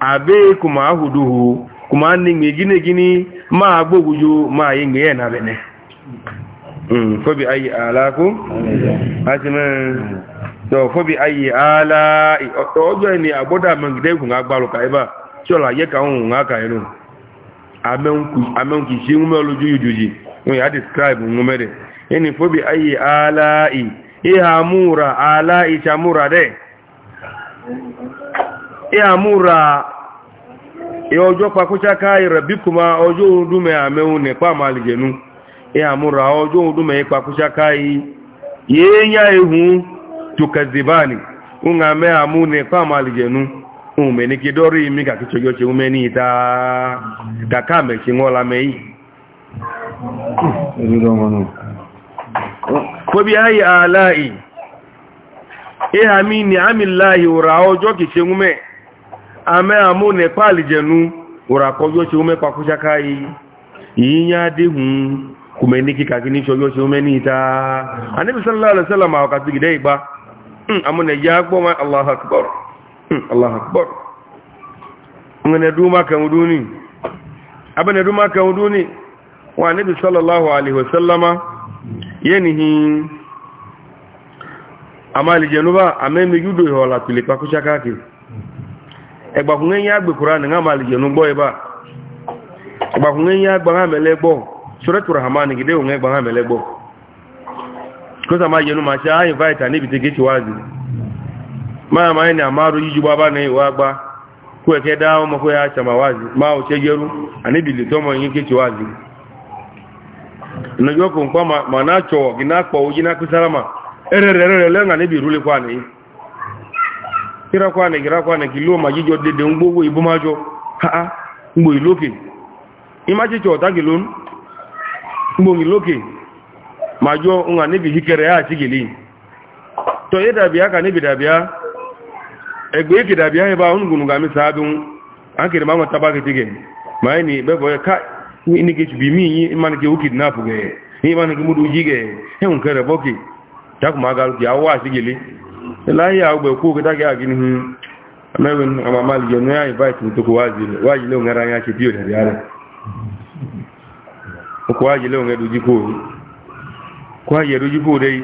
abe kuma ahuduhu kuma ni ngi gine gini ma gbogujo ma yi ngi bene mm fobi ayi alaku fobi ayi ala ojo ni agboda chola ye ka un nga ngume ya describe ngume de fobi ayi ala i ihamura ala i chamura ìhàmúra ọjọ́ pakúṣáká ìrẹ̀bíkùnmá ọjọ́ òdúnmẹ́ àmẹ́hun nẹ̀pá àmàlìjẹ̀nú ìhàmúra ọjọ́ òdúnmẹ́ pakúṣáká yíyá ihun tukazibani ń àmẹ́ àmú nẹ̀pá àmàlìjẹ̀nú ń mẹ́nikí dọ́rí mi kàkíṣọjọ́ ṣe mẹ́ni ìta kàkà mẹ́ṣe ńọ́lá mẹ́yì kóbi ayé àlàyé ìhàmí ni àmì láyé ọ̀rọ̀ ọjọ́ kìí ṣe mẹ́ ame amewo ne kpa alidzenu wòrà kɔ yɔ tse wo mɛ kpa kutsaka yi yi nya de hun kume ne kika kini tsɔ yɔ tse wo mɛ ni taa anabi sallallahu alaihi wa amu ne ma alahu akbar hmm, alahu akbar ŋmɛnɛ du ma kɛn duni abɛnɛ du ma kɛn duni wa anabi sallallahu alaihi wa sallama ba ame mi yudo la tuli kpa ẹgbàkùnrin yá gbé kura ní àmà àlìjẹ̀nu gbọ́ ibà ẹgbàkùnrin yá gbà hàn mẹ́lẹ́ gbọ́ sọ́rẹ́tù rahama ní gidé òun gbà hàn mẹ́lẹ́ gbọ́ kó sàmà yẹnu máa ṣe àyìn fáìtà níbi tí kéèkì wáàzì máa máa ní àmárò yíjú bá bá ní ìwà gbá kó ẹ̀kẹ́ dá ọmọ kó yá ṣàmà wáàzì máa ò ṣe yẹrú àníbi kírakọ́ ànà kírakọ́ ànà kí ló ma jíjọ dédé ń gbówó ibú máa jọ haá gbò ìlókè imájíjọ ọ̀tágì ló ń gbò ìlókè ma jọ ń àníbi híkẹrẹ àti gèlè tọ́ yé dàbíá kà níbi dàbíá ẹgbẹ́ èkè dàbíá ẹbá onígunùgà mi sáábí ń ákèrè máa mọ̀ tábà kìtìgẹ̀ máa ní bẹ́bọ̀ ẹ ká ní kejì bí mí yín ìmánike ó kìdínáàpù gẹ̀ ìmánike múdú láyé àgbẹ̀ kó kí dágẹ́ àgínihun mẹ́rin àmàmàlì yẹnu ya ìbáìtì tó kò wáyìí lóun ara yá ṣe bí òdàrí ara kò wáyìí lóun ẹdójúkò kò wáyìí ẹdójúkò rẹ̀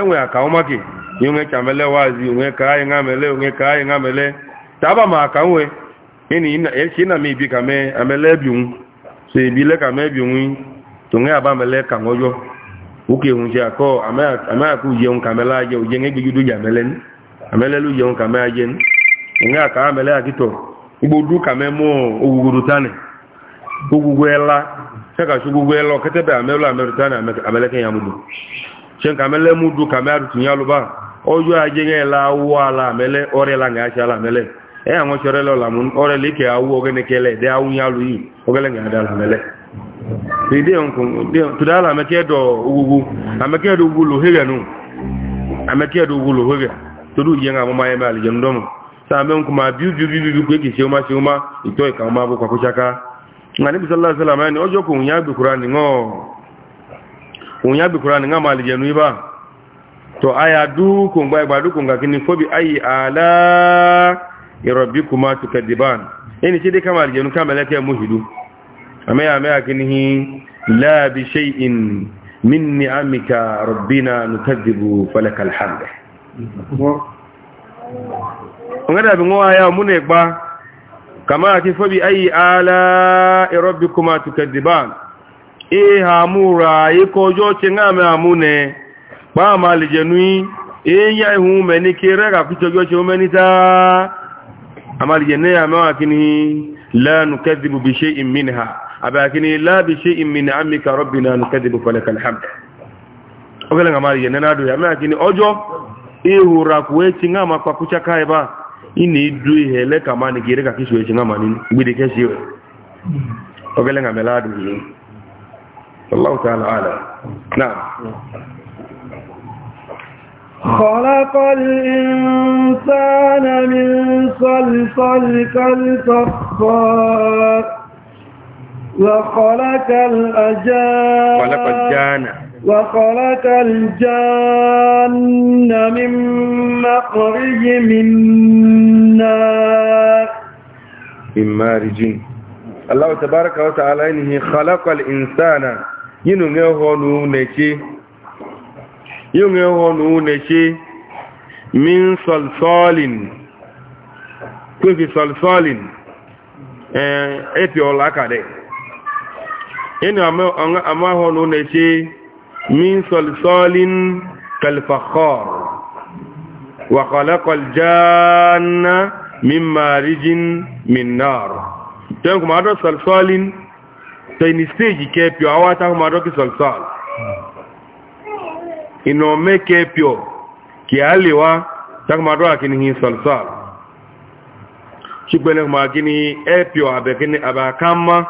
ẹwẹ̀ àkàwọ́mákì yóò ń kàmẹ́lẹ́ wáàzí òun ẹ̀kàáyẹ̀ uke hunje ako ama ama ku je un kamela je uje ngegi judu ya melen amele lu je un kamela je nga ka amele akito igbodu kamemo oguguru tane ogugwela saka shugugwela ketebe amelu amelu tane amele ken yamudu chen kamele ba ojo aje ngela wala amele orela nga chala e awon chorelo lamun orele ke awu ogene kele de awu nyalu yi ogele nga dala ìdí ọ̀nkùn tùdá àlà àmẹ́kẹ́ẹ̀dọ̀ ogogo àmẹ́kẹ́ẹ̀dọ̀ ogogo lò hẹ́rẹ̀ nù àmẹ́kẹ́ẹ̀dọ̀ ogogo lò hẹ́rẹ̀ torí ìyẹn àwọn ọmọ ayẹmẹ́ àlìjẹun dọ́mù sáàmẹ́ ń kò máa bí bí bí bí pé kì í ṣe ọmọ ṣe ọmọ ìtọ́ ìkà ọmọ abúkọ kúṣaká nga níbi sọ́lá sọ́lá máa ní ọjọ́ kò òun yá gbèkúra ní ọmọ àlìjẹun ibà tó ayà dúkò ngbà ìgbà dúkò ngbà kí ni fóbi ayì àlá ìrọ̀bí kò máa tukẹ̀ dìbàn ẹni ṣe dé kámà àlìjẹun kámẹ́lẹ́kẹ́ mú ìdú أما أماكنه لا بشيء من نعمك ربنا نكذب فلك الحمد ونقدر بنقوها يا منك با كما تفبي أي آلاء ربكما تكذبان إيه هامورا يكو جوتي نعم هاموني ba ma alìjẹ̀nú èyí ihun mẹ́ni kéré àkútọ́jọ́ ṣe mẹ́ni táa àmàlìjẹ̀ náà mẹ́wàá kí ni lẹ́nu kẹ́dìbò bí ṣe ìmìnira abakini la bi shay'in min amika rabbina nukadibu falakal hamd ogele ngamari yenena do yame akini ojo ihura kuwechi ngama kwa kuchaka eba ini du ihele kama ni gireka kiswechi ngama ni gbide keshiwe ogele ngamela do yi Allah ta'ala ala na'am خلق الإنسان من صلصال كالفخار وخلق الأجان الجان وخلق الجان من مخرج من نار من مارج الله تبارك وتعالى إنه خلق الإنسان ينغيهونه نكي ينغيهونه نكي من صلصال كيف صلصال ايه ايه inu amahonu ne ce min solsolin kalfakor wa khalaqal janna min marijin min nar ten kuma ado solsolin sai ni stage ke pio awa ta kuma ado ki solsol ino me ke pio ki alewa ta kuma ado akini hin solsol ṣùgbọ́n ẹgbẹ̀rún kí ni ẹ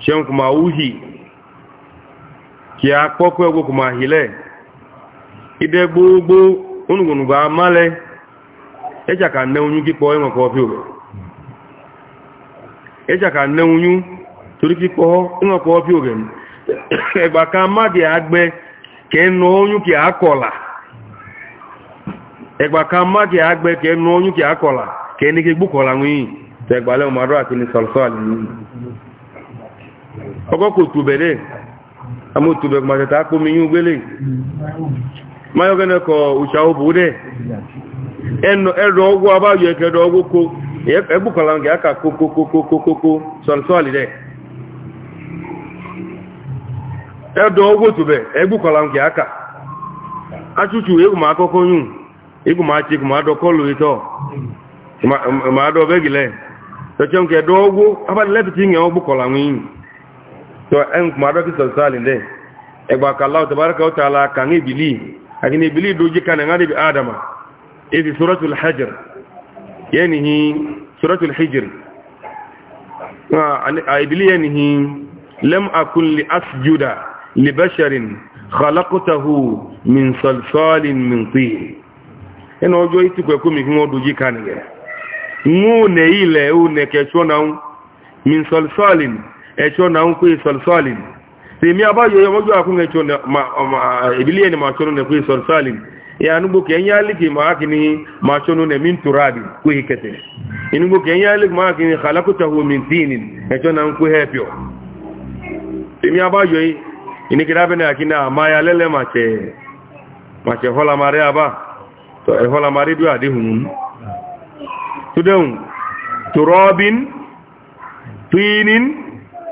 ṣeun kuma wuhi kí a kọ́kọ́ ẹgbẹ́ kuma hìlẹ̀ ibẹ̀ gbogbo onugbonugba málẹ̀ ẹjàkà nẹ́unú kíkọ́ ẹwọ̀n kọ́ fí ẹjàkà nẹ́unú torí kíkọ́ ẹwọ̀n kọ́ fí o rẹ̀ ẹgbà kan máde oyún kí a kọ̀lá ẹgbà ọkọ̀ kò tùbẹ̀rẹ̀ àmú tùbẹ̀ kùmàtàtà kómi yún gbélé mayọ́gẹ́nẹ́ kọ ọ òbò rẹ̀ ẹ̀rọ ọgbọ́ abáyọ ẹ̀kẹ́rọ ọgbókó ẹgbùkọ̀lá ń aka kókókókókókó to en kuma do ki salsali de e ba ka Allah tabaaraka wa ta'ala kan ibili akin ibili do ji kan ngani bi adama e fi suratul hajr yani hi suratul hijr a ibili yani hi lam akun li asjuda li basharin khalaqtahu min salsalin min tin ena ojo min salsalin ẹ̀ṣọ́ na ń kó ìsọ̀lṣọ́lìn tèmi àbáyọ ọmọjú àkún ẹ̀ṣọ́ ìbílí ẹni máa ṣọ́nù nẹ̀kú ìsọ̀lṣọ́lìn ìyànúgbò kẹ́yìn alìkì máa kì ní máa ṣọ́nù nẹ̀mí ń tura àbí kó ìkẹtẹ̀ inúgbò kẹ́yìn alìkì máa kì ní kàlákùtàwò mìntíìnì ẹ̀ṣọ́ na ń kó hẹ́pìọ̀ tèmi àbáyọ ìníkìdábẹ́nà àkí náà máa yà lẹ́lẹ́ màṣẹ̀ họ́lamarẹ́ àbá họ́lamarẹ́ bí àdéhùn tudẹ́hùn turọ́bin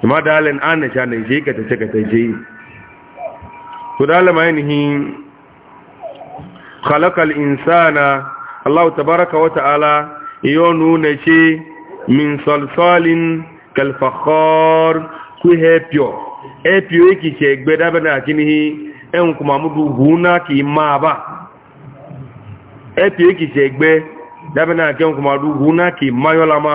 kuma dalen an na sha na je ka tace ka tace to dalama yanihi khalaqal insana Allah tabaraka wa ta'ala iyo nuna ce min salsalin kal fakhar ku hepio epio yake ce gbe da bana kinihi kuma mudu huna ki ma ba epio yake ce gbe da bana du huna ki mayolama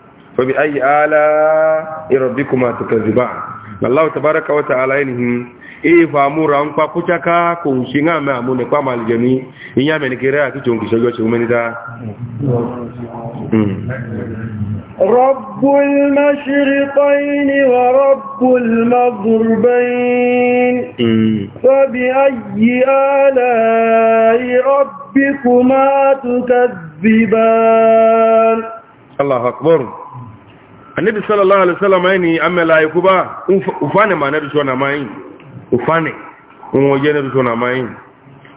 فبأي آلاء ربكما تكذبان الله تبارك وتعالى إنهم إيه فامورا أنقا كتاكا كونشينا ما من قام الجميع إن يامن كراء كتون كشجوة شمن دا رب المشرقين ورب المغربين فبأي آلاء ربكما تكذبان الله أكبر annabi sallallahu alaihi wasallam yani amela yakuba ufane ma nabi sona mai ufane unwo je nabi sona mai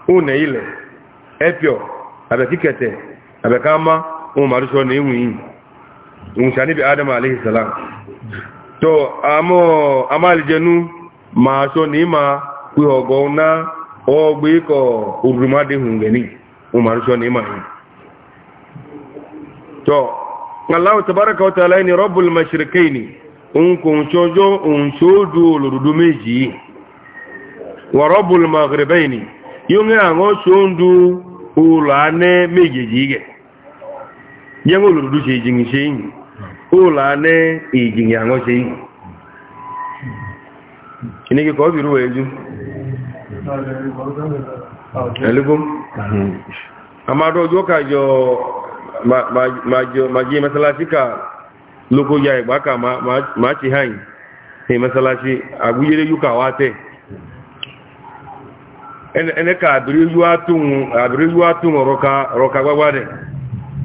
une ile epio abekikete abekama un maru sona iwi un shani bi adam alaihi salam to amo amal jenu ma so ni ma ku ogo na ogbe ko urumade hungeni un maru sona mai to Allah tabaraka wa ta'ala ni rabbul mashriqaini unkun chojo unshodu lorodo meji wa rabbul maghribaini yunga ango shondu ulane mejejige yengo lorodo shejingi shein ulane ijingi ango shein iniki ko biru Alibum? alaikum amado joka jo ma ma ma ji masalaci ka loko ya igba ka ma ci hanyi ne masalaci agujere yuka wate ene ka abiri yuwa tun roka gbagba ne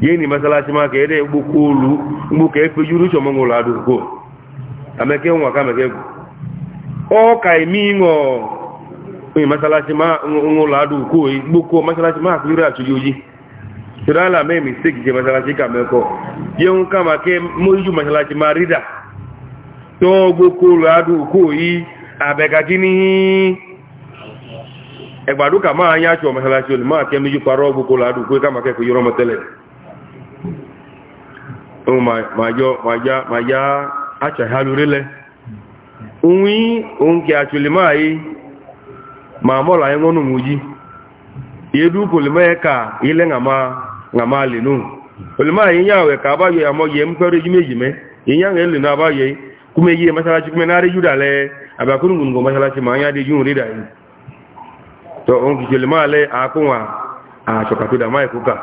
yi ni masalaci ma ka ede gbukolu gbuka efe yuru so mongola adugo ameke nwa ka meke ọ ka imi ngọ masalasi ma ngụla adụ ukwu gboko masalasi ma akụrị achụghị oji sura la me mistake je masalachi ka me ko yeun kama ke moju masalachi marida to ko yi abega kini kama anya cho masalachi ma ke meju paro gboko radu ko kama ke ko yoro o ma ma yo ma ya ma ya acha halurele unwi onke achulima yi ma yedu ka ile ngama nga ma le nu olima yin ya we ka ba ye amo ye mpere ji meji me yin ya ngel na ba ye kuma ye masala ci kuma na re juda le aba kun gun go masala ci ma ya de jun rida yi to on ki olima le a kun wa a to ka to da mai kuka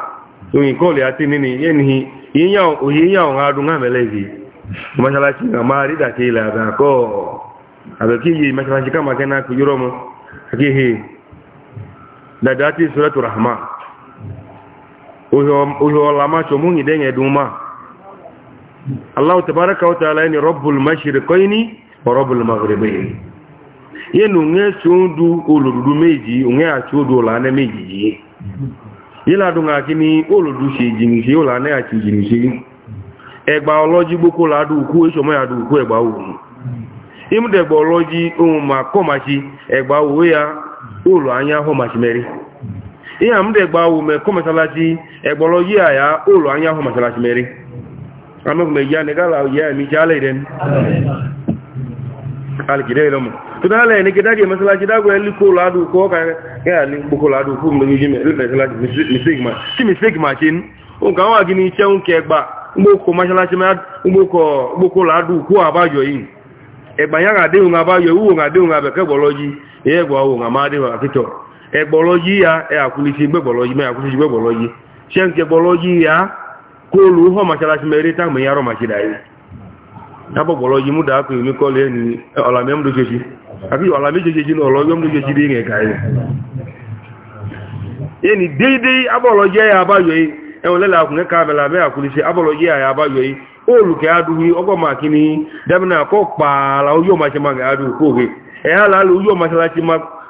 to yin ko le ati ni ni yin o yin o ha nga mele yi masala ci nga ma ke la ba ko aba ki ye masala ci kama kana ku ki he da dati suratul rahman ohiolama comungi denge duma allahu tabaraka wa ta'ala ni rabbul mashriqaini wa rabbul maghribaini yenu nge chundu uludu meji nge achudu lana meji ji yila dunga kini uludu sheji ni shi ola na achuji ni shi egba oloji gboko la du ku eso mo ya du ku egba wo imde gbo oloji ohun um, ma ko ma shi egba wo ya ulu anya ho ma meri ihe a m dị egba awụ mekọ masalachi egbọrọ yi a ya ụlọ anya ahụ masalachi mere amụghị ya na gala ya ala ire alikide ire mụ tụta ala ga masalachi dagwa elikọ ụlọ ụkọ ọka ya ali mkpọkọ ụlọ adụ ụkọ mgbe iji masalachi mistake ụka nke egba adụ ya ma egboloyi ya akwụlisi gbegboloyi ma akwụlisi ṣe nke gboloyi ya kóòlù hàn màṣálásí mẹ́rin táàmù yàrá màṣílá yìí tábọ̀gbọ̀lọ́ yìí múdà ápè mi kọ́ lẹ́ni ọ̀làmí ọmọdé jẹjì àbí ọ̀làmí jẹjì ní ọ̀lọ́gbẹ́ ọmọdé yìí ẹni déédéé abọ́lọ́ yìí ya. lẹ́la ọkùnrin káàbẹ̀lá bẹ́ àkùnrinṣẹ́ abọ́lọ́ jẹ́ àbáyọ̀ yìí olùkẹ́ adúwí ọgọ́mà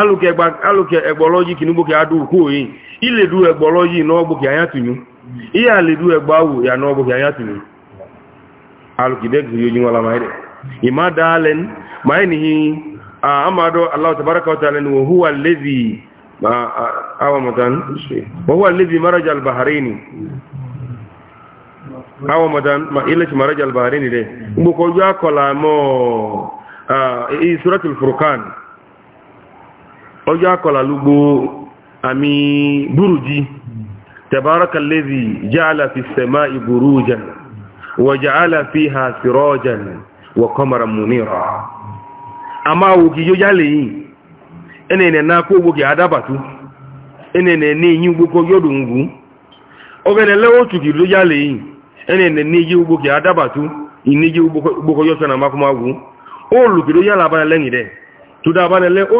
alụke egbolji k n gboke adụ ukwu oyi iledu egbolji na ọgbụgị anya tụnyu ihe aledu egbo awụ ya na ọgbụgị anya tụnyu alụkidegii oji nwala ima dalen ma enihi amado allah tabaraka wa ta'ala wa huwa allazi awa matan wa maraja al-bahrain awa matan maraja al-bahrain de ngbo ko jo ọjọ́ akọ̀lá lúgbó àmì búrùjí tẹbárakà lèzì jáàlá fi sẹ̀má ìbúrújan wà jáàlá fi ha sírọ́jan wà kọmara múnira a máa wò kí yóò jálè yìí ẹnẹ̀ẹ̀nẹ̀ náà kó gbogbo adábàtú ẹnẹ̀ẹ̀nẹ̀ ní yí gbogbo yóò ọgẹ́nẹ̀ lẹ́wọ́ tùkì ló jálè yìí ẹnẹ̀ẹ̀nẹ̀ ní yí gbogbo adábàtú ìníjí gbogbo yóò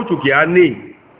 sọ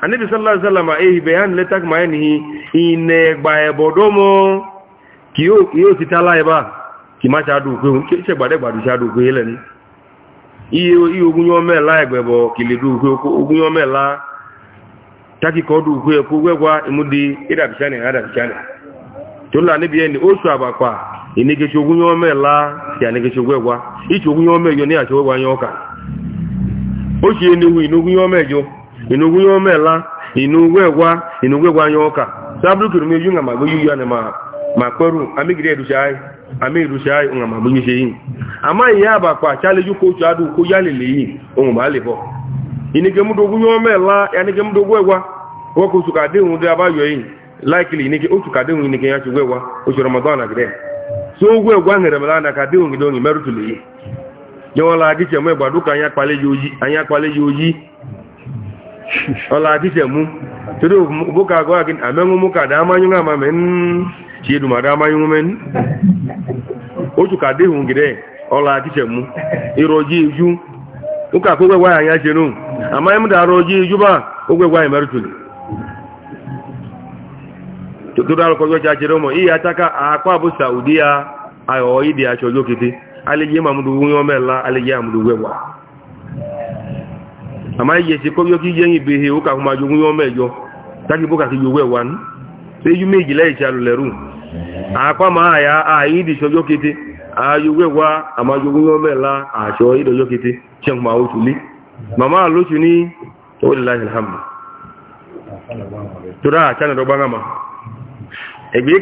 anabi sallallahu alaihi wasallam ehi bayan letak mayani ine gba ebodomo ki o ki o titala ki ma sha du ko ki se gbade gbadu sha du ko yele ni iye iye ogun yo mela egbebo ki le du ko ogun yo mela taki ko du ko e ko gwegwa imudi ida bishani ada bishani tola ni nye o su abapa ke shogun yo ya yo ni o wi yo inugwu ya omela inugwu egwa inugwu egwa anya ọka sabu kiri meju nga ma gbeyu ya na ma ma kperu amigiri edusi anyị ami anyị nga ma se yi amaghị ya abakpa chaleju ka otu adụ ko ya lele yi onwe ma alibọ inike mụ dogwu ya omela ya egwa nwoke otu ka yi laikili inike otu ka inike ya gwa egwa otu ramadan agide so ogwu egwa nyere mela anaka adịghị ngide onye merụtụlụ yi nyewala agịche mụ dụka anya akpali ya ọla akíṣẹ̀ mú torí òbúkà agọ́ àkí àmẹ́ngún mú kàdá amáyún àmà Otu ka ọla akíṣẹ̀ mú ìrọ̀jí ijú múkà kó gbẹ̀gbẹ̀ àyà ṣe nù àmá ẹ̀mú dàrọ̀ ọjí ijú bá ó gbẹ̀gbẹ̀ àyà mẹ́rù tùlù tó dárọ̀ kọjọ́ ṣe àṣẹ ụdị ya, táká àpá àbò sàùdíyà ayọ̀ ìdí aṣọ ọjọ́ kété alẹ́ yé màmúdùwú yọ́mẹ́la alẹ́ yé àmúdùwú àmá yẹ ti kọ́ yọ́kí yẹ́yìn ìbèhe ó kà fún ma jogún yọ́ mẹ́jọ tákì bó kàkì yòówẹ̀ wà ní pé yú méjì lẹ́yìn tí a lò lẹ́rù àpá máa àyà àìdì sọjọ́ kété àyòówẹ̀ wá àmá jogún yọ́ mẹ́la àṣọ ìdọ̀jọ́ kété ṣe ń pa oṣù lé màmá lóṣù ní ó lè láyé alhamdu tó dáa àti ànàdọ́gbá náà ẹgbẹ́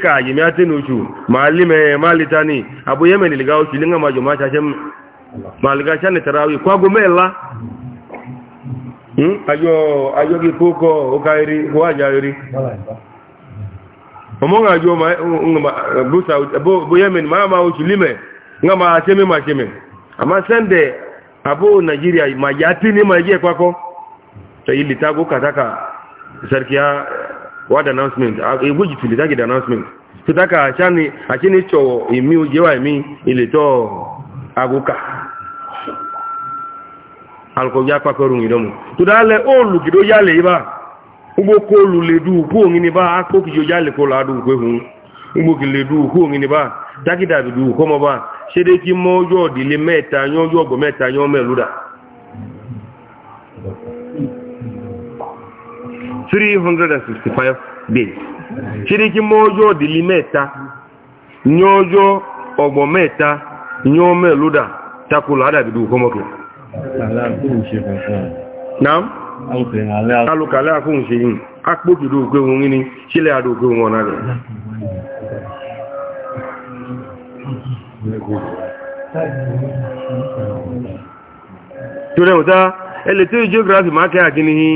ka ajo hmm? ajo kipuko ukairi kuaja yori omonga ajo ma busa bo, bo yemen mama uchilime ngama acheme macheme ama sende abo nigeria majati ni maje kwako so ili tagu kataka sarkia what announcement i to the announcement kitaka achani achini cho imi ujewa imi ile to aguka alụkọgị akpakọrọ ngidomu tụdale olugido yale iba ugboko oluledu ukwu ukwu onginiba dagidabidu ukwo mọba ṣedeki mọ ọjọ́ ọ̀dìlé mẹ́ta yan ọjọ́ ọgbọ̀ mẹ́ta yan mẹ́lúdà 365 days ṣedeki mọ ọjọ́ mẹ́ta alùkàlẹ́ àkóhùn ṣe yìí apójùdó ògbé wọn ní sílẹ̀ àdó ògbé wọn náà rẹ̀ tó rẹ̀ wọ́ta ẹlẹ̀ tí ó geography máa kẹ́ àkíníhí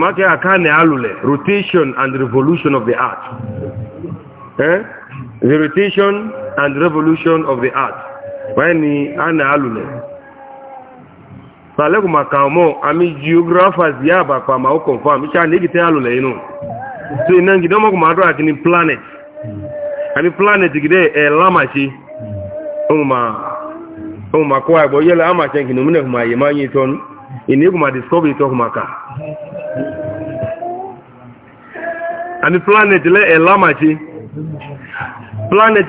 máa kẹ́ àkáàni alùlẹ̀ rotation and revolution of the earth eh? the rotation and revolution of the earth wáyé ni a na sàlẹ́kùn màkàmọ́ àmì geographers yà àbàpà ma ó confam ìṣà nígi tẹ́ àlùlẹ̀ inú tó iná gidọ́ mọ́kùn máa dọ́ra kí ni planet àmì planet gidẹ́ ẹ̀ lámàṣe ohun ma kọ́ àgbọ̀ yẹ́lẹ̀ àmàṣẹ kì nìmúnẹ̀ kùn máa yẹ máa yẹ tọ́nu ìníkùn máa discover ìtọ́ kùn máa kà àmì planet lẹ́ ẹ̀ lámàṣe planet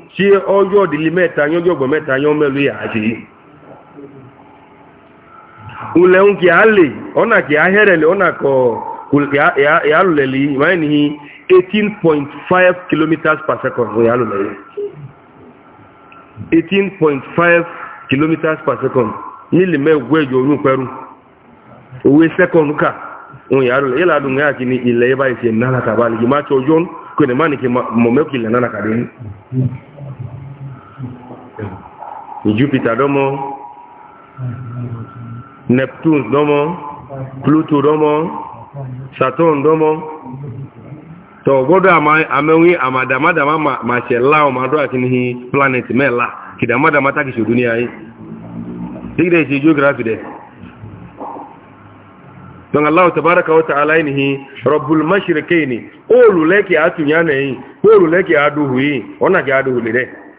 ṣe ọjọ́ ìdílé mẹ́ta yán ọjọ́ ọgbọ̀n mẹ́ta yán mẹ́lú àṣẹ yìí ulẹ̀hun kì á lè ọ̀nà kì á hẹ́rẹ̀lẹ̀ ọ̀nà kọ̀ ìyálùlẹ̀lì ìmáyìn 18.5 kilometers per second fún ìyálùlẹ̀lì 18.5 kilometers per second nílì mẹ́gbẹ́jọ oyún pẹ́rú owó sẹ́kọ̀ọ̀nù ká òun ile ìlàdùn ní àti ní ilẹ̀ kò ní mọ̀mẹ́kì kàdé jupiter dɔmɔ neptune dɔmɔ pluto dɔmɔ saturn dɔmɔ tɔ gbɔdɔ amɛwi amadamadama maṣɛ la o ma dɔ akini planet mɛ la kidamadama ta kisi duniya ye tigide si geography dɛ don Allah tabaraka wa ta'ala yinihi rabbul mashriqaini olu leki atunyane yi olu leki aduhu yi ona ki aduhu le de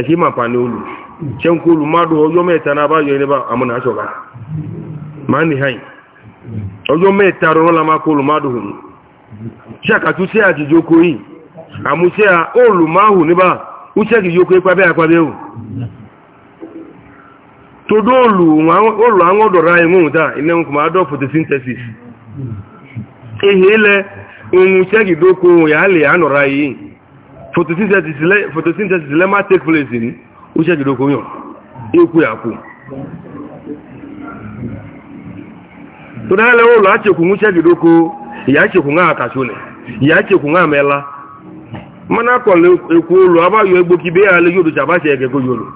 ẹ̀kí máa pa ní olù ṣe ń kó olù máa dùn ọjọ́ mẹ́ta náà bá yọ ilé bá àmúnà aṣọ́gá máa ní hain ọjọ́ mẹ́ta rọrùn la máa kó olù máa dùn hùn ṣe àkàtú sí àjíjọ kó yìí àmúṣẹ́ olù máa hù níbà ó ṣe kìí yókó ipa hù tó dó olù àwọn photosynthesis le ma take place in uche gido ko yon eku ya ku to na le olo acheku uche gido ko ya acheku nga akacho ne ya acheku nga mela mana ko le ekwu olo abayo egbo kibe ya le yodo chabache ege ko yolo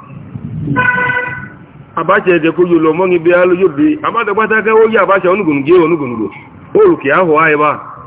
abache ege ko yolo mo ngi be ya le yodo amade gbata ga oyi abache onugun ge onugun go olu ki aho ayi e ba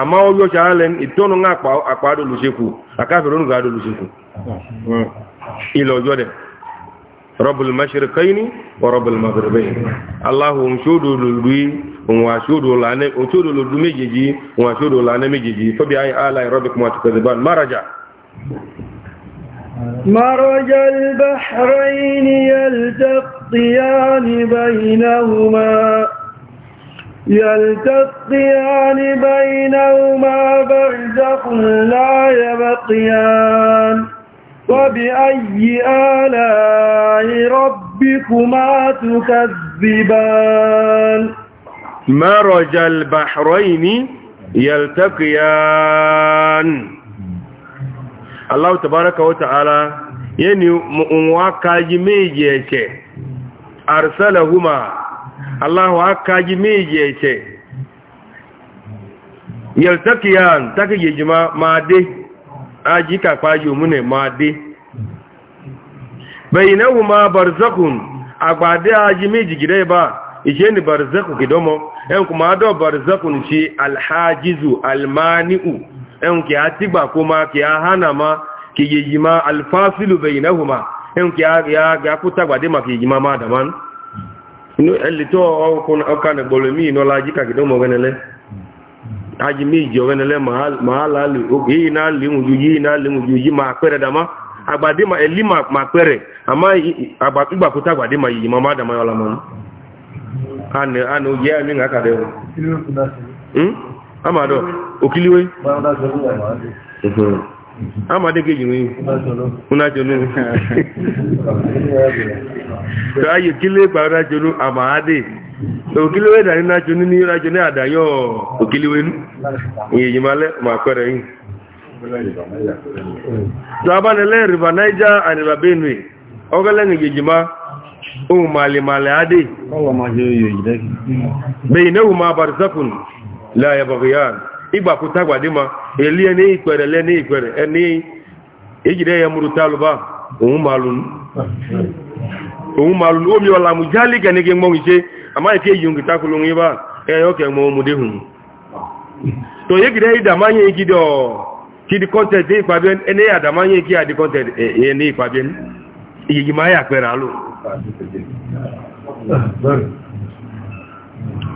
àmá ó yọ́ ṣàálẹ̀ ìtọ́nù ń àpá adolùṣekù àkáfẹ̀rẹ̀ onígbà adolùṣekù ilẹ̀ ọjọ́ dẹ̀ rọ́bùlù mashirikaini wà rọ́bùlù magribai aláhùn ṣódòlòdú méjèèjì wọn ṣódòlòdú méjèèjì fọ́bí aláì rọ́bì kuma ti kẹzìbán maraja مرج البحرين يلتقيان بينهما يلتقيان بينهما برزق لا يبقيان وبأي آلاء ربكما تكذبان مرج البحرين يلتقيان الله تبارك وتعالى يعني مؤواكا ميجيك أرسلهما Allahu akaji meji eche yaltaqiyan take yejuma made aji ka paju mune made bainahuma barzakhun agbade aji meji gide ba ije ni barzakhu kidomo en kuma ado barzakhun chi alhajizu almani'u en ki atigba kuma ki ahana ma ki yejima alfasilu bainahuma en ki ya ga kutagbade ma ki yejima ma daman inú ẹlẹ tó ọkùn ọkà nìgbọ̀lù mí iná la jíkà kìdọ́ mọ̀ wẹ́nẹ̀lẹ́ ajì mí ìjọ wẹ́nẹ̀lẹ́ máa lálẹ́ òkè yìí náà lè mùjú yìí náà lè mùjú yìí máa pẹ́rẹ̀ dàmá àgbàdé ma ẹlí máa pẹ́rẹ̀ àmá ìgbàkútà àgbàdé ma yìí máa dàmá yọ lamọ́ àná òye àmì ńlá kàdé o. àmàdọ̀ òkìlíwé ama dege jiri una jonu to ayi kile pa ra jonu ama ade to kile we da na jonu ni ra jonu ada yo o kile we nu yi male ma kore yin to aba ne le river niger and o gele ngi jima o ma je yo ide bayinahuma ịgbapụta gwadima elie n'ikwere le n'ikwere ejide e ya mụrụ talụba onwu malụ omi ọla m jali ga ne gị mgbanwe iche amaghị ka eji nkịta kwụrụ nwa ebe a ee oke ma omụde hụrụ to egide ide amanye egide ọkidi kọntent ịkpabie e ene ya adamanye eki adị kọntent ee n'ịkpabie iyigi ma ya akpere alụ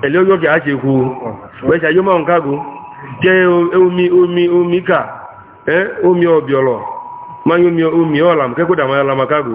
ele a chekwu wecha jẹ́ omi omi omi kà ẹ́ omi ọ̀bìọ̀lọ̀ máa ń omi ọ̀làm kẹ́kọ̀ọ́ dàmọ́ ọ̀làmàkágò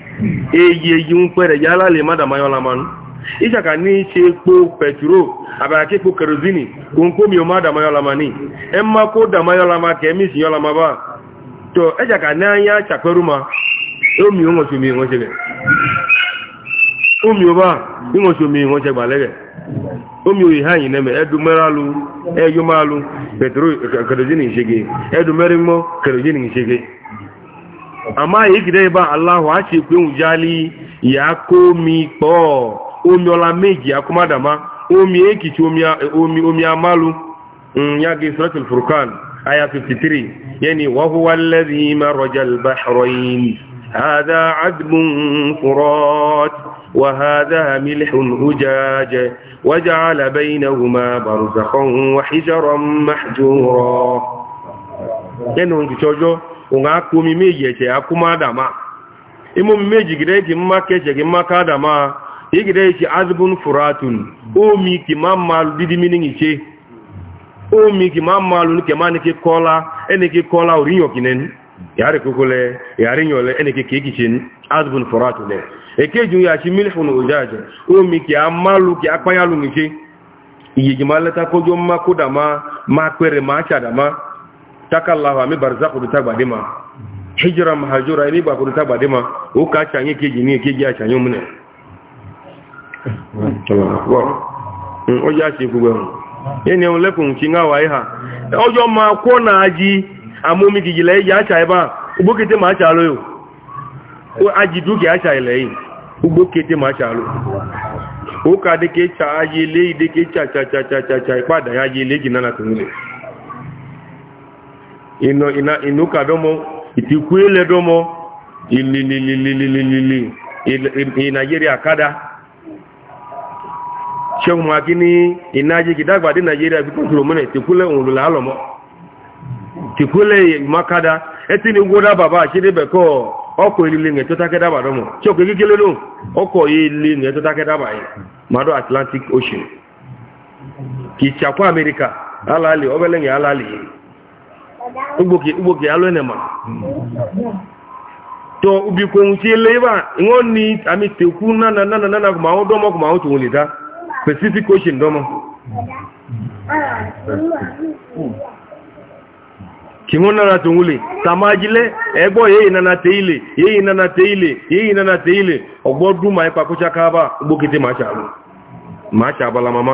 eyi eyi nkwere ya ala ala mada mayọla manụ ịcha ka n'iche ekpo petro abịa ka ekpo kerozini kwonkwo mi ụma damayọla manị emmakwo damayọla ma ka emisi yọla ma ba to ịcha ka n'anya chakwaru ma e omi onwosi omi nwoche gị omi ụba inwosi omi nwoche gbalị gị omi oyi ha anyị na-eme edumere alụ eyomalụ petro kerozini nche gị edumere mmụọ kerozini nche gị amma ya gida ba allahu a ce kwin jali ya komi kpọ omi ọla meji ya kuma dama omi ekici omi omi amalu mm, ya furkan aya 53 yani wahuwa lalazi marajal bahrain هذا عذب فرات وهذا ملح أجاج وجعل بينهما برزخا وحجرا محجورا unga kumi meje che akuma dama imu meji gide ki mma keche ki mma ka dama igide ki azbun furatun omi ki mamma didi miningi che omi ki mamma lu ke mani ki kola ene ki kola urinyo kinen yare kukule yare nyole ene ki kiki chin azbun furatun ne ekeju ya chi milhun ujaje omi ki amalu ki apayalu ngi che iye jimale ta kojo mma kudama ma kwere ma chadama takallahu ami barzakhu bi tagbadima hijra mahjura ini ba ku o ka chanye keji ni keji a mune hmm, wa o ya na aji amomi ya cha ma cha lo aji ile ya aji ino ina inuka domo itikwele domo ilililililili nigeria kada ṣeun maki ní ìnájí kìdágbàdé nigeria fi tó ṣùrò múnẹ̀ tìkúlẹ̀ òun lò lálọ́mọ́ tìkúlẹ̀ ìmọ́kádá ẹtí ni gbódá bàbá àṣídébẹ̀kọ́ ọkọ̀ ilé ìyẹn tó tákẹ́dàbà dọ́mọ̀ ọkọ̀ ilé ìyẹn ugboke alụ enema tọ ubikwe nwuchiele ebe a ịṅụ ni ami tekwu na na na na na kuma ahụ dọmọ kuma ahụ tụwụ leta pacific ocean dọmọ kìmọ́ nára tó wúlè tàmájílẹ́ ẹgbọ́ yéyì nana tẹ́ ilẹ̀ yéyì nana tẹ́ ilẹ̀ yéyì nana tẹ́ ilẹ̀ ọgbọ́dún ma ipa kúchá káàbà gbókété ma ṣàbálà mamá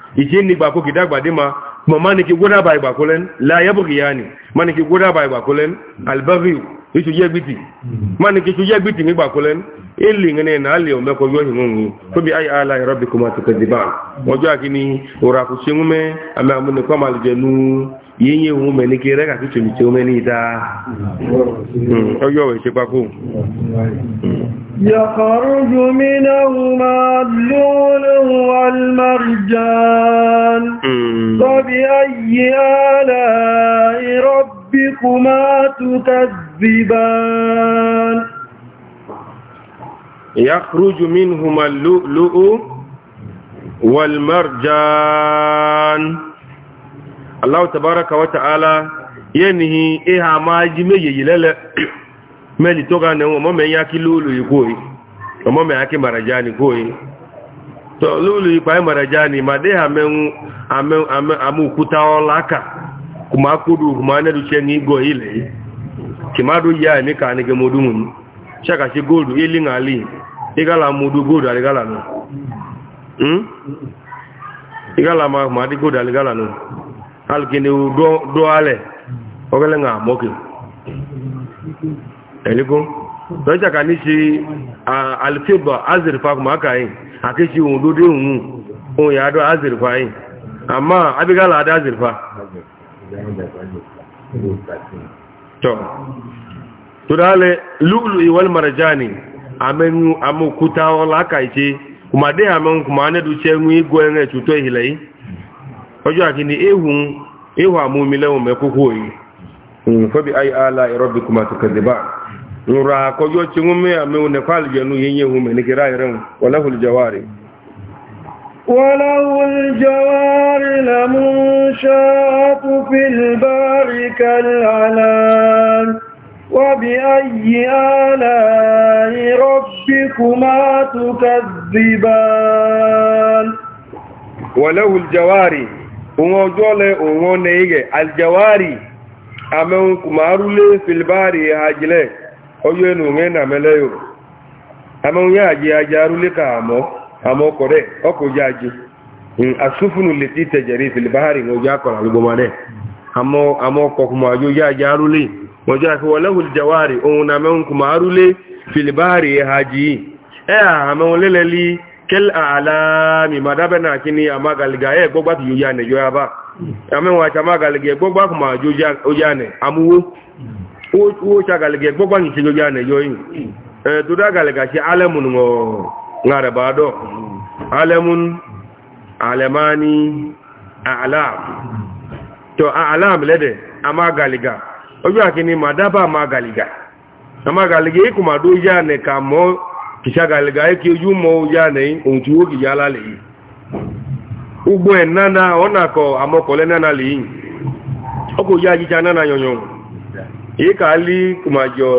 ìṣe ní gbàkó kì dágbàdé ma mọ̀ má ní kí gbódà bá ìgbàkó lẹ́nu láyébù kìí yáni má ní kí gbódà bá ìgbàkó lẹ́nu albavio ìṣù jẹ́ gbìtì má ní kí ṣù jẹ́ gbìtì ní gbàkó lẹ́nu ilé ìrìnà ìnà alẹ́ ọ̀mẹ́kọ yọ ìhun òun tó bí ayé ala ìrọ́bì kò máa tẹ̀tẹ̀ dìbà ọjọ́ àkíní òrà kò ṣe ń mẹ́ àmì àmúnikọ́ máa lè jẹnu yíyí ohun mẹ́ni kí rẹ́gà tó tèmi tí ó mẹ́ni ìta ọjọ́ ìṣe pákó يخرج منهما اللون والمرجان فبأي آلاء ربكما تكذبان يخرج منهما اللؤلؤ والمرجان Allah tabaraka wa ta'ala yenihi iha maji meyeyi lele meli toga ne won mo me yaki lulu yikoyi mo me yaki marajani koyi to lulu yipa marajani made ha men amu amu kuta olaka kuma kudu kuma ne du cheni go ile kimadu ya ni ka ni gemodu mun shaka shi gold ili ngali igala ma ma di gold aligala no alkini do ale ogele nga moki eliko do jaka ni si alfiba azirfa kuma kai akishi un do de un un ya do azirfa yin amma abigala da azirfa to to dale lulu wal marjani amenu amukuta wala kai ce kuma dai amen kuma ne du ce mu igwe ne tuto ihilai ọjọ́ àti ni ehun ehu àmúmi lẹ́wọ̀n mẹ́kúkú yìí hmm, fẹ́bi ayi ala ìrọ́bì kuma tó kẹ̀dẹ̀bá nra hmm, kọjọ́ tí wọ́n mẹ́ àmì òun nẹ̀fà àlùjẹ̀nu yẹn yẹn hun mẹ́ni kẹrẹ àìrẹ́hun wọláhùn jawari. وله الجوار لمنشات في البار كالعلام وبأي آلاء ربكما تكذبان وله الجوار òun ọjọ́ lẹ òun ọ̀nà igẹ̀ aljawari àmẹ́hun kùmárúlé filibari ajilẹ̀ ọjọ́ ẹnu òun nàmẹ́lẹ́ yóò àmẹ́hun yá àjẹ́ ajárúlé ka àmọ́ àmọ́ kọ̀rẹ́ ọkọ̀ jẹ́ ajé asúfúnù lè ti tẹ̀jẹ̀rí filibari ọjọ́ akọ̀rọ̀ àmọ́ yá ọjọ́ jawari òun filibari ẹ̀ kel alami madabe na kini amagalga e eh, gbogba ti yoyane yoya ba amewa cha magalga e gbogba kuma joja oyane amuwo o o cha eh, galga e ni ti yoyane yoyin e to da galga si alamun ngo ngare ba do alamun alamani a'lam to a'lam lede amagalga ojo kini madaba amagalga amagalga kuma doja ne kamo kìṣàgàlẹ̀gà yẹ́ kí ojú mọ́ yá nẹ́yìn ohun tí ó kìí yálà lèyìn ugbó ẹ̀ nánà ọ̀nà kọ àmọ́kọ̀lẹ́ nánà lèyìn ọkọ̀ yá jíjá nánà yọnyọ̀n èyí kà á lé kùmàjọ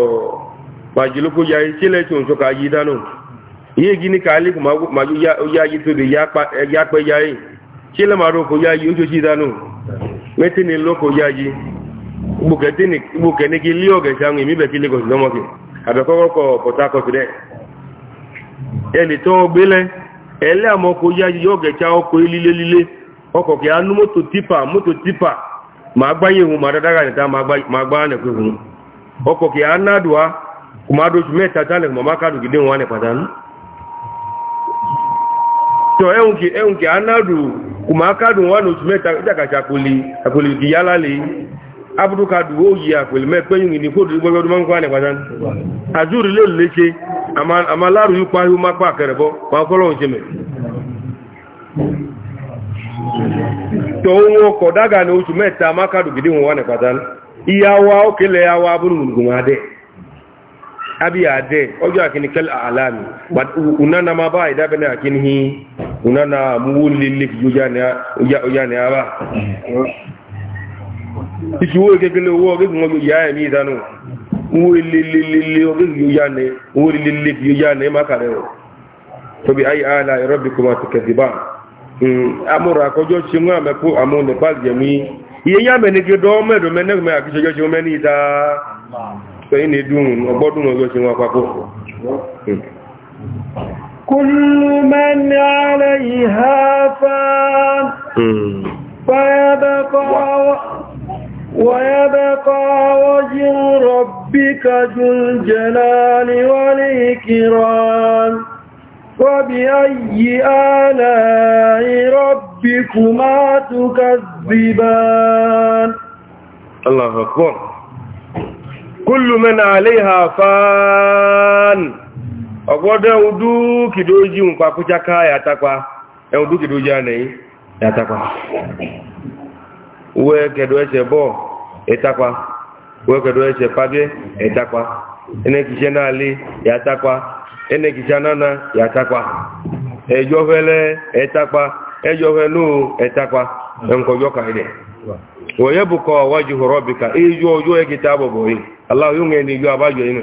màjìlókò yá ìṣẹ́lẹ̀ tí òun sọ́kà yí dáná èyí gí ní kà á lé kùmàjọ yá yí tó lè yá pẹ́ yá yìí ṣẹlẹ̀ màá rọ́kọ̀ yá yí oṣooṣì dáná mẹ́tẹ́ni lọ́kọ̀ ẹni tó gbélẹ̀ ẹlẹ́ àmọ́kò yáyí yóò gẹ̀ẹ́ta ọkọ̀ ilé-lílé ọkọ̀ kìí anú mọ́tò típà mọ́tò típà ma gbáyé hun ma dáadáa nìta ma gbá nẹ̀kú hun ọkọ̀ kìí anádùá kò má dóṣù mẹ́ta tánẹ̀ tọ kìí anádù kò má mẹ́ta àkòlì kìí yálà àmà láàrù yípa yíó má pà kẹrẹ̀bọ́ wọn fọ́lọ́hun ṣe mẹ́ tó wọn kọ̀ dága ní oṣù mẹ́ta mákàdù gidi wọn wà ní pàtàkì ìyàwó òkèlẹ̀ yàwó ya adẹ́ abíyàdẹ unana ma unana ìṣòwò ìgẹ́gẹ́lẹ̀ owó ọgẹ́gùn ọjọ́ ìyá ẹ̀mí ìdánù welelele ogigi yane welelele bi yane makare o tobi ayi ala irobi kuma ti kẹsiba amúra kọjọ nepal jẹmí iye yá mẹ́nigi dọ́ mẹ́dọ̀ mẹ́nẹ́gbẹ́ àkíṣẹ́jọ́ ṣe mẹ́ni ìta sẹ́yìn ní dùn ọgbọ́dún ọjọ́ ṣe wọn papọ̀ كل من ويبقى وجه ربك ذو الجلال والإكرام وبأي آلاء ربكما تكذبان الله أكبر كل من عليها فان أقول أودو كدوجي مقاكو شكا يا تقوى أودو كدوجي أنا يا تقوى wee kedu eche bọọ ịtakwa uwe kedu eche pabie ịtakwa enekiche n'ali ya takwa enekiche nana ya takwa ejohele ịtakwa ejohelu ịtakwa nkọjọ ka ide wòye bukọ wájú hùrọ̀ bí ká iyú ojú ẹgìta àbọ̀bọ̀ yìí aláwọ̀ yóò ní iyú àbájọ inú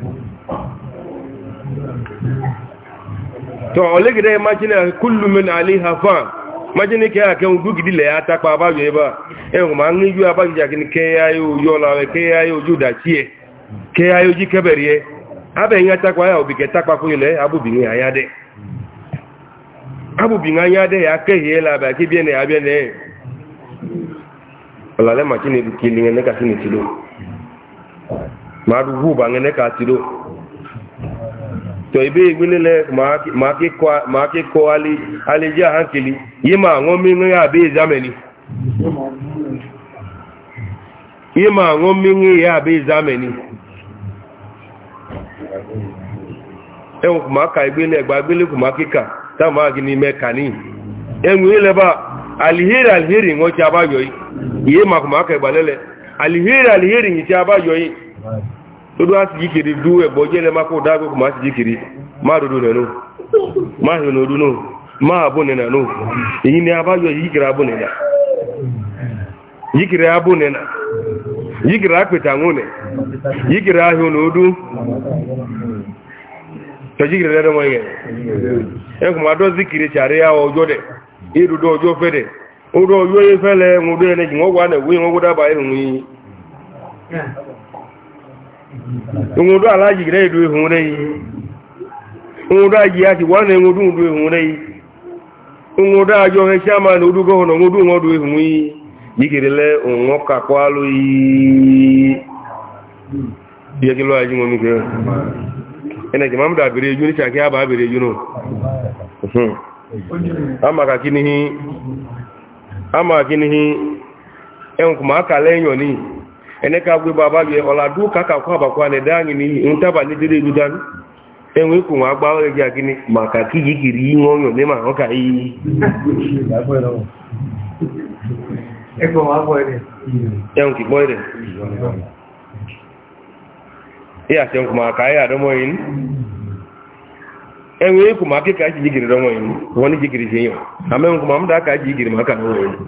to olegide imagine kullu min aliha fan imagine ke ake ugugidi le ata pa ba yo ba e o ma nri ju aba ja kini ke ayo yo la we ke ayo ju da ti e ke ayo ji kebere e abe yin ata pa ya obi ke ta pa ko ile bi ni aya de abubi nga aya de ya ke ye la ba ki bi ne abi ne e. ola le ma kini kili ne ka kini tilo ma du hu ba ne ka tilo tọ ibe igbelele ma kọ alẹ́jẹ́ àhánkìlì yí ma àwọn mínú ya àbí ìzámẹ́ni yí ma kùmá e, ka igbele ẹgbà igbele kùmá kíkà táàmà agì ní mẹ́ka ní ẹwọ̀n e ilẹ̀bà alìhírí alìhírí wọ́n ti abáyọ̀ yìí yí ma kùmá ka ìgbàlẹ́lẹ̀ alìhírí alìhírí yìí yìí dodo a si jikiri du ẹbọ jẹ lẹ ma kó dago kò ma si jikiri ma dodo nẹnu ma hẹnu dunu ma abo nẹna nu èyí ni a bá yọ jikiri abo nẹna jikiri abo nẹna jikiri akpẹta ŋun nẹ jikiri ahẹ ònà odu tọ jikiri lẹ dẹ mọ yẹ ẹ kò ma dọ zikiri tsari a ọjọ dẹ e dodo ọjọ fẹ dẹ o dọ ọjọ yẹ fẹ lẹ ń do yẹ nẹ jìn wọn wà nẹ wọn wọn daba yẹ nù yìí. onwodo ala jigide edu ihun yi onwodo aji ti wana yi ama na odu gohono onwodo nwodo ihun yi jigirele onwo kakwalu yi biye kilo aji mo mi ke ene ke mamda bere eju ni ama ka kinihi ama e eneka agwe baba gị ọla du ka ka kwa bakwa na ede anyị n'ihi ntaba na edere enwe ikwu nwa agba ọghị gị agịnị maka ka iji kiri ihe ọnyụ ka iyi e e e ya se nkuma ka ya domo enwe ikwu ma m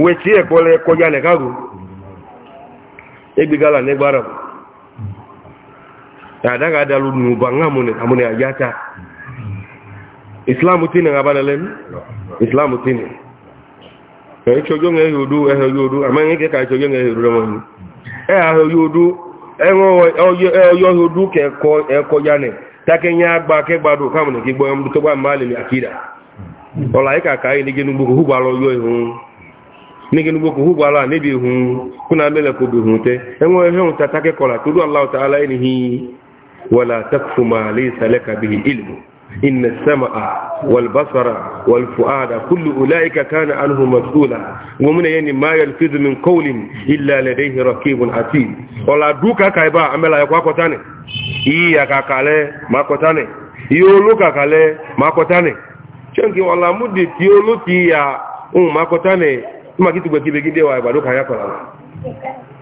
uwe ti ẹ̀kọ́ e e e lẹ kọjá nẹ̀ káàkù ẹgbẹ̀gálà nẹgbàrà àdágádà ló nù bá ńlá múnẹ̀ àmúnẹ̀ àyáta islamu tí nà abánalẹ́ islamu tí nà ẹ̀yìn ṣọjọ́ ń ẹ̀yìn odó ẹ̀yìn ọyọ́ àmọ́ ẹ̀yìn ẹ̀yìn ẹ̀yìn kígbọ́ ẹ̀mú tó máa lè àkídà ọ̀là ní gẹ́nu gbogbo lọ yọ ìhun nigi nugo ko hubu ala nebi hun kuna mele ko bi hun te enwo ehun ta take kola tudu allah ta'ala inhi wala takfu ma laysa laka bihi ilmu inna as-sam'a wal basara wal fu'ada kullu ulaika kana anhu mas'ula wa mun yani ma yalfizu min qawlin illa ladayhi raqibun atid wala duka kaiba amela yako akotane yi yakakale makotane yoluka kale makotane chengi wala mudi tiolo tia um makotane ma kitu kwa kibe kide wa baduka yako la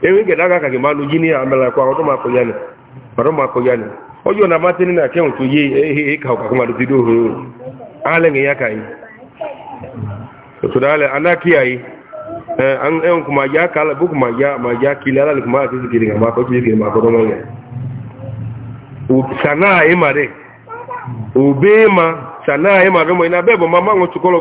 ewe gedaga ka gemalu jini amela kwa oto ma koyane baro ma koyane ojo na matini na ke untu ye e e ka ka kuma dido ho ale ngi yakai to dale anaki ai an en kuma ya eh, eh, kala bu kuma ya ma ya kilala kuma ka zikiri ma ko zikiri ma ko sana e mare ube sana e mare ina bebo mama ngo chukolo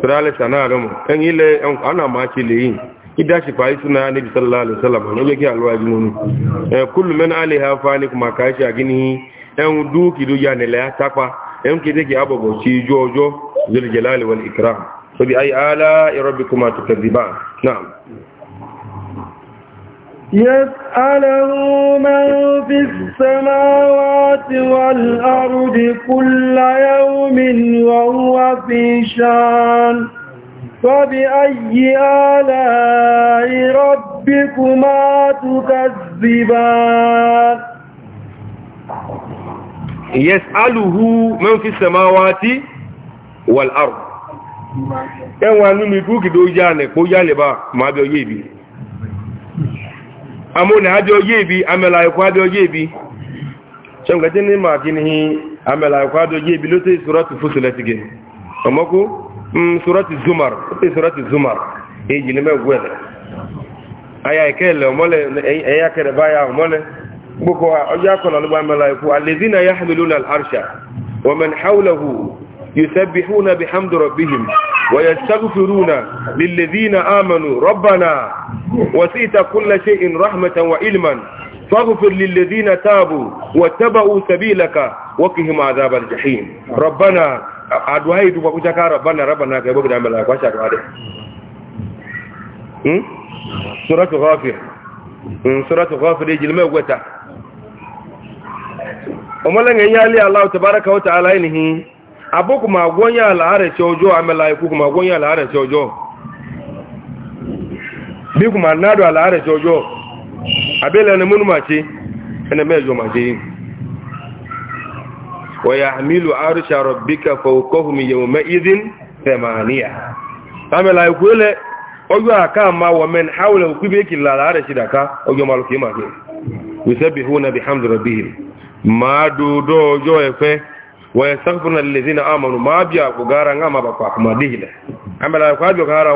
sirale sana adamu en ile ana ma ci leyin idashi fa yi suna nabi sallallahu alaihi wasallam ne yake alwa jinu eh kullu man alaiha fani kuma kashi agini en duki du ya ne la takwa en ke dake abogo ci jojo zul jalali wal ikram fa bi ay ala rabbikuma tukadiban na'am يسأله من في السماوات والأرض كل يوم وهو في شان فبأي آلاء ربكما تكذبان يسأله من في السماوات والأرض ẹwà nínú ikú kìdó yálẹ̀ kó yálẹ̀ bá máa bí amụ na adị oye bi amela ikwa adị oye bi chọmgaji ndị ma gị n'ihi amela ikwa adị oye ebi lote surati fusilet gị ọmọkụ surati zumar lote surati zumar ejili megwele aya ikele ọmọle eya kere baya ọmọle gbogbo ha ọjọ akọ na alụgba amela ikwu na ya hamilu na al'arsha ومن حوله يسبحون بحمد ربهم ويستغفرون للذين آمنوا ربنا وسئت كل شيء رحمة وعلما فاغفر للذين تابوا واتبعوا سبيلك وقهم عذاب الجحيم ربنا أدوهي دوبك ربنا ربنا كيبوك دعمل أكواشا كوادي سورة غافر سورة غافر يجل ما يقوتا أمالا يالي الله تبارك وتعالى إنهي aboko ma gwonya ala arece ojo amela iku kuma gwonya ala arece ojo bi kuma nado ala arece ojo abele ne munu machi ene mejo machi wa yahmilu arsha rabbika fawqahum yawma idhin thamaniya amela iku ile ojo aka ma wa men hawla ukubi kila ala ma ma do do ojo ويستغفرون الذين امنوا ما بيا غارا ngama ba kwa kuma dihile amela kwa jo gara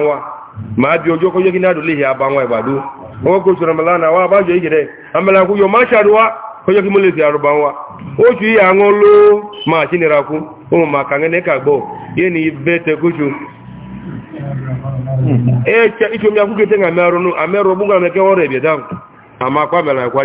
ma bi ojo ko yogi nadu lihi aba wa ibadu o ko sura malana wa ba jo yigire amela ku yo ma sharuwa ko yogi mule ti aruba wa o ju ya ngon lo ma chinira ka o ma ka ngene ka gbo ye ni e cha icho mi akugete ngama runu amero bunga meke ore bi dan ama kwa mela kwa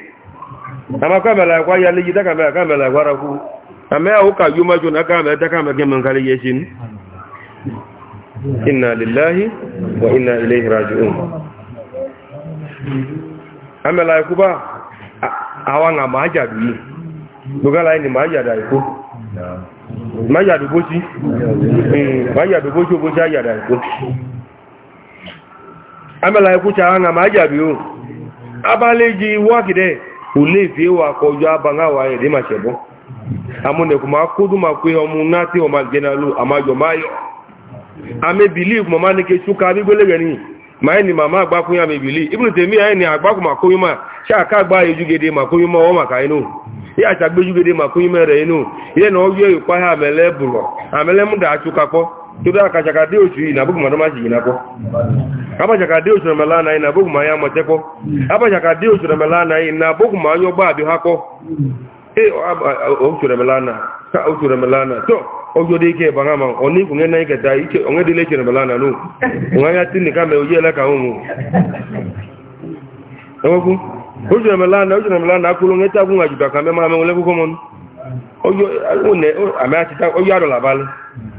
amma kamela kwa ya liji ta kamela kamela kwa raku amma au ka yuma juna kamela ta kamela ke man kali yeshin inna lillahi wa inna ilaihi raji'un amela ku ba awanga majadu yi dogala ni majada ku majadu boji majadu boji boji ajada ku amela ku ta anga majadu abaliji wakide ule fi wa ko jo abanga wa e ma chebo amune kuma kudu ma kwe omu ngati o magenalu amajo mayo ame believe ma ni mama agba kun ya me believe ibnu temi ni agba kuma ko ka agba ejugede ma ko yuma ma ka inu ya ta gbejugede ma ko yuma re inu ye no ye ha mele amele mu da kedu a chakadị otu iyi na abụghị mmadụ machi gị nakọ abachaka dị otu emela na abụghị ma ya amatekọ abachaka dị otu emela anaghị na abụghị ma anya ọgba abịa ha kọ otu emela ana tọ ojo ha ma ọ n'ikwu nye na-eketa iche onye dịla echere emela ana n'u onwe anya nwa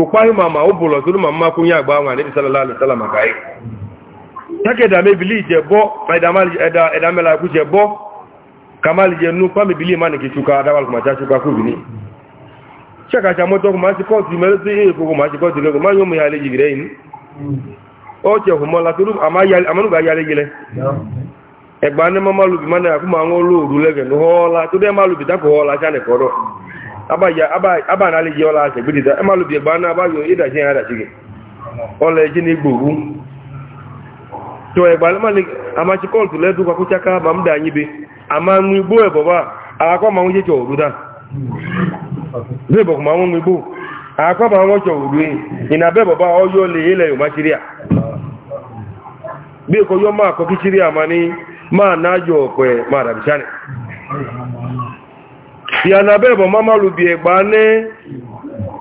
ụkpaghị ma ma ọ bụlọ tụrụ ma mma kwụnye agba nwa na sallallahu alaihi wasallam ka yi take da mebili je bo da mela ku je bo kamal je nu pa mebili ma ne chuka adawal kuma cha chuka ku chaka cha moto kuma si ko ti mele ti eh, ko kuma si ko ma ya o che tụrụ ama ga ya le gile egba ne ma aba na alị ji ọla aja gbedida malụbi gba na agbaghị ịdachi ya adaji gị ọla eji na igbo ugwu amachi ledu l'etu aka ma m da anyị be ama nwe igbo ebọba akwa ma nwụje chọ oruda bebọ ma nwe igbo akwa ma nwe chọọ oru ị na bebọba ọyọ ole ile yomachiri a biko yọ ma akọkichiri a ma ni ma na ajọ ọkwe ma adabichani ya na bebo mama lubi egba ne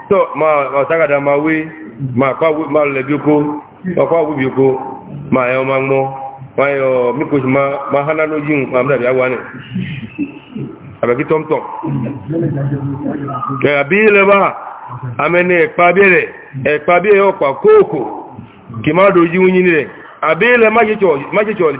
to ma tagada ma we ma kwa ma lebi ko ma kwa wubi ko ma yo e ma mo ma yo e mi ko ma ma hana no jin ma mra bi agwa ne abaki tom tom amene ekpa bi re e koko ki ma do ji unyi le ma je ma je cho le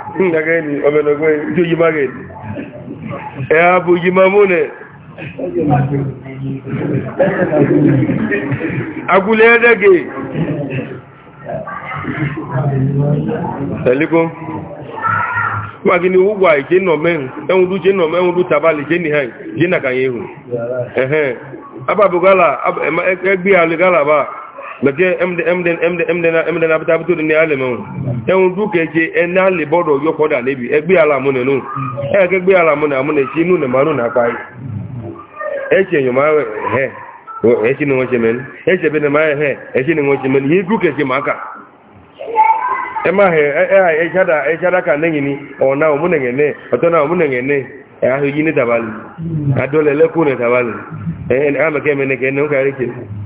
ngageni omenogwe jo yimageni e abu yimamune aguledege saliko magini ugwa ije no men enwu du je no men enwu du tabali je ni han je na kan yehu ehe gbẹ̀jẹ́ mdn abitabitu na alẹ́ abụtụ ẹ̀hùn dúkẹ́jẹ́ ẹ̀nà lè bọ́dọ̀ yọkọ́dà lébi ẹgbẹ́ alamúnẹ̀ nù ẹgbẹ́ alamúnẹ̀ amúnẹ̀ sí inú nẹ̀mánú nàpá yìí ẹ̀ṣẹ̀ èèyàn máa ẹ̀ ẹ̀ṣẹ̀ ni wọ́n ṣe mẹ́rin ẹ̀ṣẹ̀ bẹ́ẹ̀ máa ẹ̀ ẹ̀ṣẹ̀ ni wọ́n ṣe mẹ́rin yìí dúkẹ́jẹ́ máa kà ẹ máa ẹ̀ ẹ̀ṣádàkà lẹ́yìn ni ọ̀nà òmúnẹ̀gẹ̀ẹ́ ọ̀tọ́nà òmúnẹ̀gẹ̀ẹ́ ẹ̀ ahìyí ní tàbálì na ní tàbálì ẹ̀ ẹ̀ àmẹ́kẹ́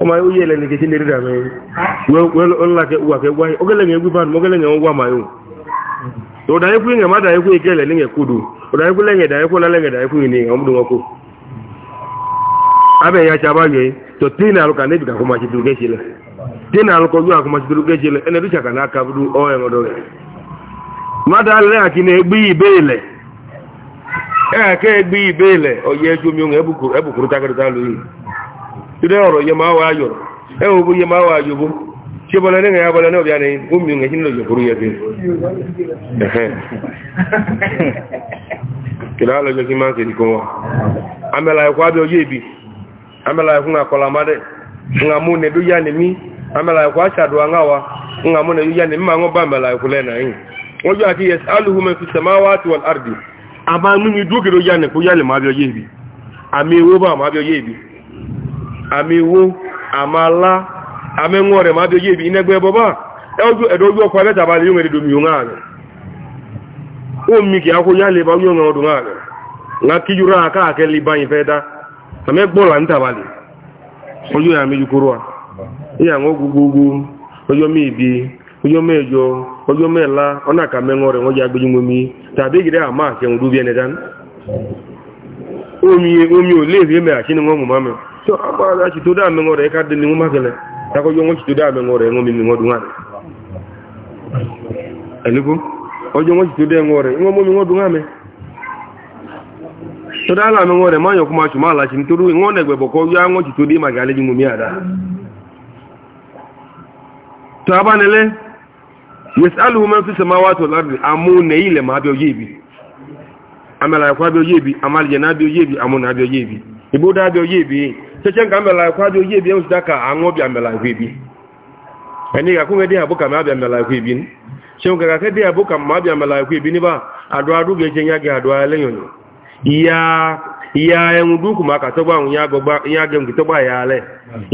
o ma yo yele ni kiti ndiri dame we we on la ke wa ke wa o gele nge gufan mo gele nge wa ma yo o da yeku nge ma da yeku ikele ni nge kudu o da yeku le nge da yeku la le nge da yeku ni nge omdu ngoku abe ya chaba ye to tina lo kanet ga kuma chidu ke chile tina lo ko yo kuma chidu ke chile ene ducha kana ka budu o ye ngodo ma da le aki ne bi bele e ke bi bele o ye jumyo nge buku e buku ta ga ta lu ire ọ̀rọ̀ yẹ máa wá yọ̀rọ̀ ẹ wo bó yẹ máa wá yọ̀bó ṣe bọ́lá ní ẹ̀yà bọ́lá náà bí i gómìnà ẹ̀yìn kí ní lọ yọ̀bó yẹ fi kìlá lọ́jọ́ kí ne dó yá ni mí wa ń ne dó yá ni mí máa ń bá amẹ́lá ẹ̀kọ́ lẹ́nà yìí wọ́n jọ àti yẹ alùhùmẹ́ fi sẹ̀má wá ti wọ́n àrùdì àmà mímí bí ọjọ́ ìbí amiwo amala amenwore ma do yebi inegbe boba eju edoju okwa beta bali yunwe do miyunga ale ummi ki akunya le ba yunga odunga ale nga kijura aka ake liban mi jukurwa iya ngogugugu ojo mi ya ojo mejo ojo mela ona ka menwore ngoja agbejunwe mi omi omi o le ri me so agbara da chito da mengo re ka de ni mo magele ta ko yongo chito da mengo re ngomi mi ngodu ngane eligo o yongo chito de ngore ngomo mi ngodu ngame to da la mengo re ma yo kuma chuma la chin turu ngone gbe boko ya ngo chito di magale ji ngumi ada to abanele yasaluhu man fi samawati wal ardi amune ile ma bi oyebi amala kwa bi oyebi amal jana bi oyebi amuna bi oyebi ibuda bi oyebi cheche nka mela kwado oyi ebi ewuta ka aṅụ bịa mela akwa ebi anyị ga-akwụ nwe dị ha bụ ka ma abịa mela akwa ebi chewu ka kake dị ya bụ ka ma abịa mela akwa ebi n'ebe adụ adụ ga-eje nya gị adụ ala enyonyo ya enwu dị ukwu maka tọgba ahụ ya ga ngitọgba ya ala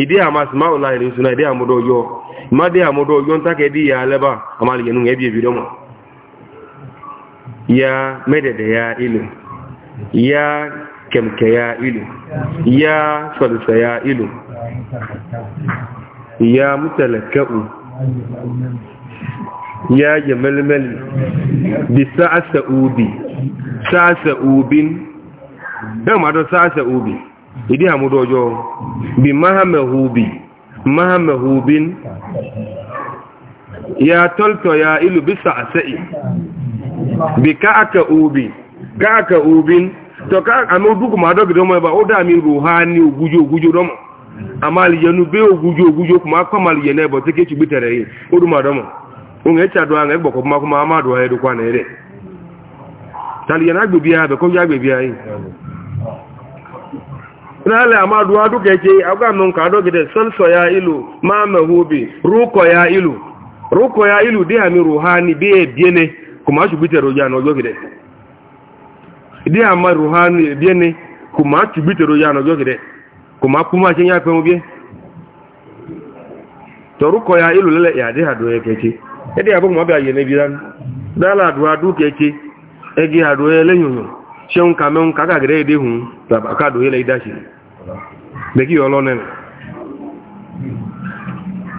ịdị ha amasị ma ụla na idi ha mụdọ ọjọọ ma dị ha mụdọ ọjọọ nta ka ịdị ya ala ebe a amalịghị nụ ebi ebido ma ya medede ya ilu ya kemke ya ilu ya salsa ya ilu ya mutalaka'u ya jamalmali bi sa'asa ubi sa'asa ubin dan ma do sa'asa ubi idi hamudo jo bi mahamahubi mahamahubin ya tolto ya ilu bi sa'sa'i bi ka'aka ubi ka'aka ubin toka amoduku madogo domo ba oda mi ruhani ugujo ugujo domo amali yenu be ugujo ugujo kuma kamali yene bo teke chibitere yi oduma domo unge cha do anga gboko kuma kuma amadu ayedu kwana ere tali yana gbebia be ko ya gbebia yi nale amadu adu keje aga mun ka dogo de sonso ya ilu mama hubi ruko ya ilu ruko ya ilu de ami ruhani be biene kuma chibitere ojana ojo kide dị ama ruhanu ebiene kuma chubitoro ya maa ogede kuma kuma ce ya kwenwu bie torukọ ya ilu ya dị ha duo ekechi ya abụ ma ọ bịa yene bira dala duo adu kechi egi ha duo ele nyonyo seun ka menwu ka gagere ede hu taba ka duo ele idashi meki yọ lọ nene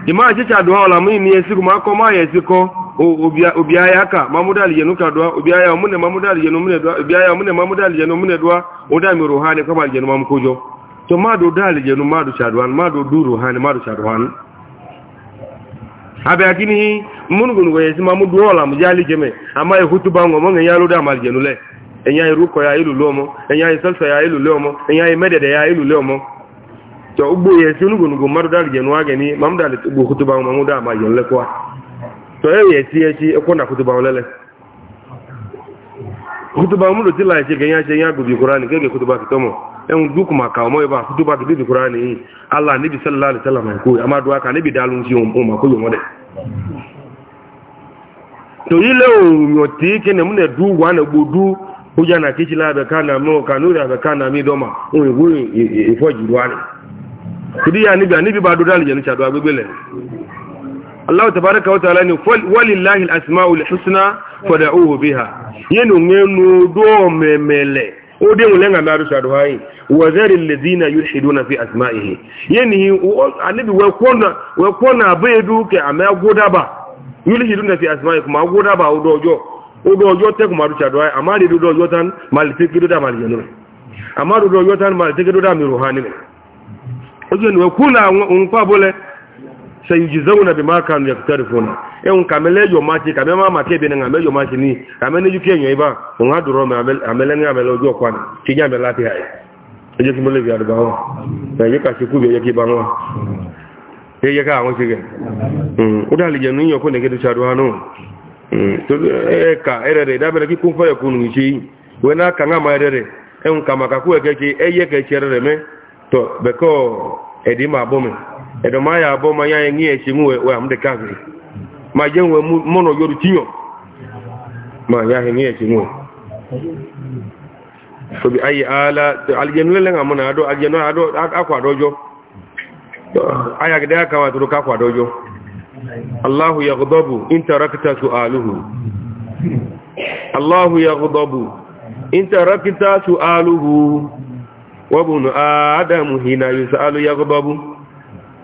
ìmáà ṣíṣàdùn ya ọ̀làmú máa máa esi obia obia aka mamudali yenu kadwa obia ya munne mamudali yenu munne dwa obia ya munne mamudali yenu munne dwa oda mi ruhani kwa bali yenu mamkujo to madu dali yenu madu chadwan madu duru hani madu chadwan habe akini munugun we mamu duola mujali jeme ama e hutuba ngo mon yalu da mal yenu le enya e ruko ya ilu lomo enya e salsa ya ilu lomo enya e medede ya ilu lomo to ugbo ye sunugun go madu dali yenu ageni mamudali go hutuba ngo mamu da mal yenu le kwa tɔyɛ yɛ ti ɛti ɛkɔ na kutuba wɔn lɛlɛ kutuba wɔn do ti la ɛti gɛnyɛ ɛti ɛnyɛ agobi kura ni gɛgɛ kutuba ti tɔmɔ ɛnu du kuma ka ɔmɔ yɛ ba kutuba ti ni bi sɛlɛ ali sɛlɛ ma ko ama bi da alu si o ma ko yɔmɔ dɛ tɔyi lɛ o na du wa na bo du o la abɛ ka na mɛ o ka n'o de ni todi ya nibi a nibi ba Allah tabaraka wa ta'ala ni walillahi al-asma'ul husna fad'uhu biha yenu ngenu do memele ode mu lenga maru shadu hayi wa zari alladhina yulhiduna fi asma'ihi yeni anabi we kona we kona bedu ke amagoda ba yulhiduna fi asma'ihi kuma agoda ba odojo odojo te kuma ru shadu hayi amali dojo tan mal fikiru da mal yenu amadu dojo tan mal fikiru da mi ruhani ni we kuna unpa bole sayujizawuna bima kanu yaktarifuna en kamele yo machi kame mama kebe na ngame yo machi ni kame ni yuke nyo iba unga duro me amele nga amele ojo kwana kinya me lati hai ejo kimole bi aduba wa na yeka sikube yeki banwa ye yeka awon sige mm udali je nu yoko ne kedu chadu hanu mm to eka e, erere da bele ki kun fa yakunu ni wena kanga ma erere en kama ka ku eke eyeke chere me to beko edima abome edo ma ya ma ya ngi e chi mu we am de kafiri ma je we mu no yoru tinyo ma ya ngi e chi mu so tobi ayi ala aljenu le nga mona do aljenu ado akwa dojo aya gida ya kawa turu kakwa dojo Allahu yaghdabu in tarakta su'aluhu Allahu yaghdabu in tarakta su'aluhu wa bunu adamu hina yus'alu yaghdabu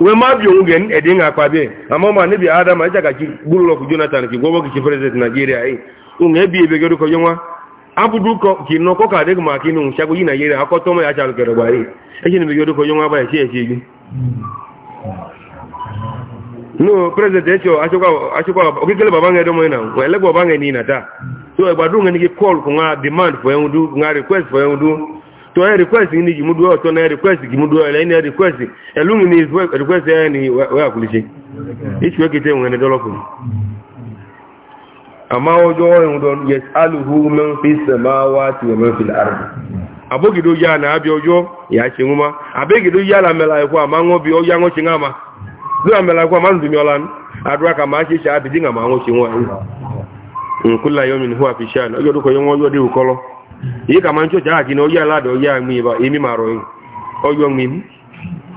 we ma bi onge edi nga kwa bi amma ma ne bi adam aja ka ki bulo ku jonathan ki gobo ki president nigeria ai eh. unge bi ebe geru ko yonwa abudu ko ki no ko ka de ma ki nu shago yi nigeria ko to ma ya charu gero bari e ki ne bi geru ko yonwa ba e ki gi no president echo acho ka acho ka okikele baba ngedo mo ina we le baba ngeni na ta so e gbadun ngeni ki call ko nga demand for endu nga request for endu to e request ni gi mudu to na request gi mudu ya ni request elungu ni request ni wa akulishe ichi weke te ngene dolo ko ama ojo en don yes aluhu man fi samawati wa man fil ardi abogido ya na abi ojo ya che nguma do ya la mela ko ama ngo bi oya ngo chingama do amela ko ama ndumi olan adwa kama chi cha abidi ngama ngo chingwa nkula yomin huwa fi shan ojo do ko yongo ojo di ukolo yi kama nco ja kini oyi alada oyi amu ba emi maro yi ojo mimu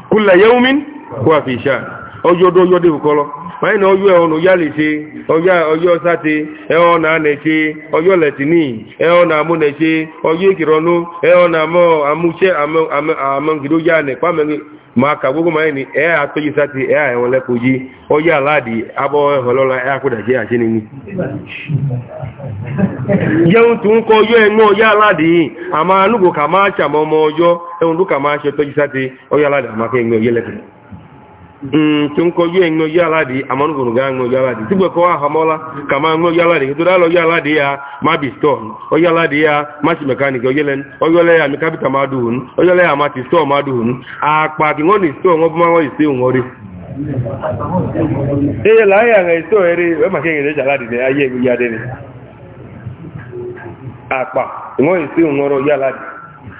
kula yewumin kwa fi sha ojo do ojo debu kolo mai na oyi ehonu ya lete oyi osate eho na neche ojo letini eho na amu neche oyi ekironu eho na amu amuche amu amu amu gido ya ne kwa mengi ma ka gbogbo ma ni ẹ e a tóyi sáti ẹ e a ala lẹkọọ yìí ó yà láàdì abọ ẹhàn lọla ẹ àkúdà jẹ àṣẹ ni ni. jẹun tó ka kọ ọjọ ẹgbọn ọyà láàdì yìí àmà anúgbò kà máa ṣàmọ ọmọ ọjọ ẹhùn tó kà máa tun ko yo en yala di amon ko ga no yala di tibo ko ha mola kama no yala di to dalo yala di ya ma bi stone o yala di ya ma si mechanic o yelen o yole ya mi capital ma du hun o yole ya ma ti store ma du hun a pa ki ngoni store ngo ma wo ise un ori e la ya ngai store ere e ma ke ngai yala di ne aye mi ya de ni Akpa, ngo ise un oro yala di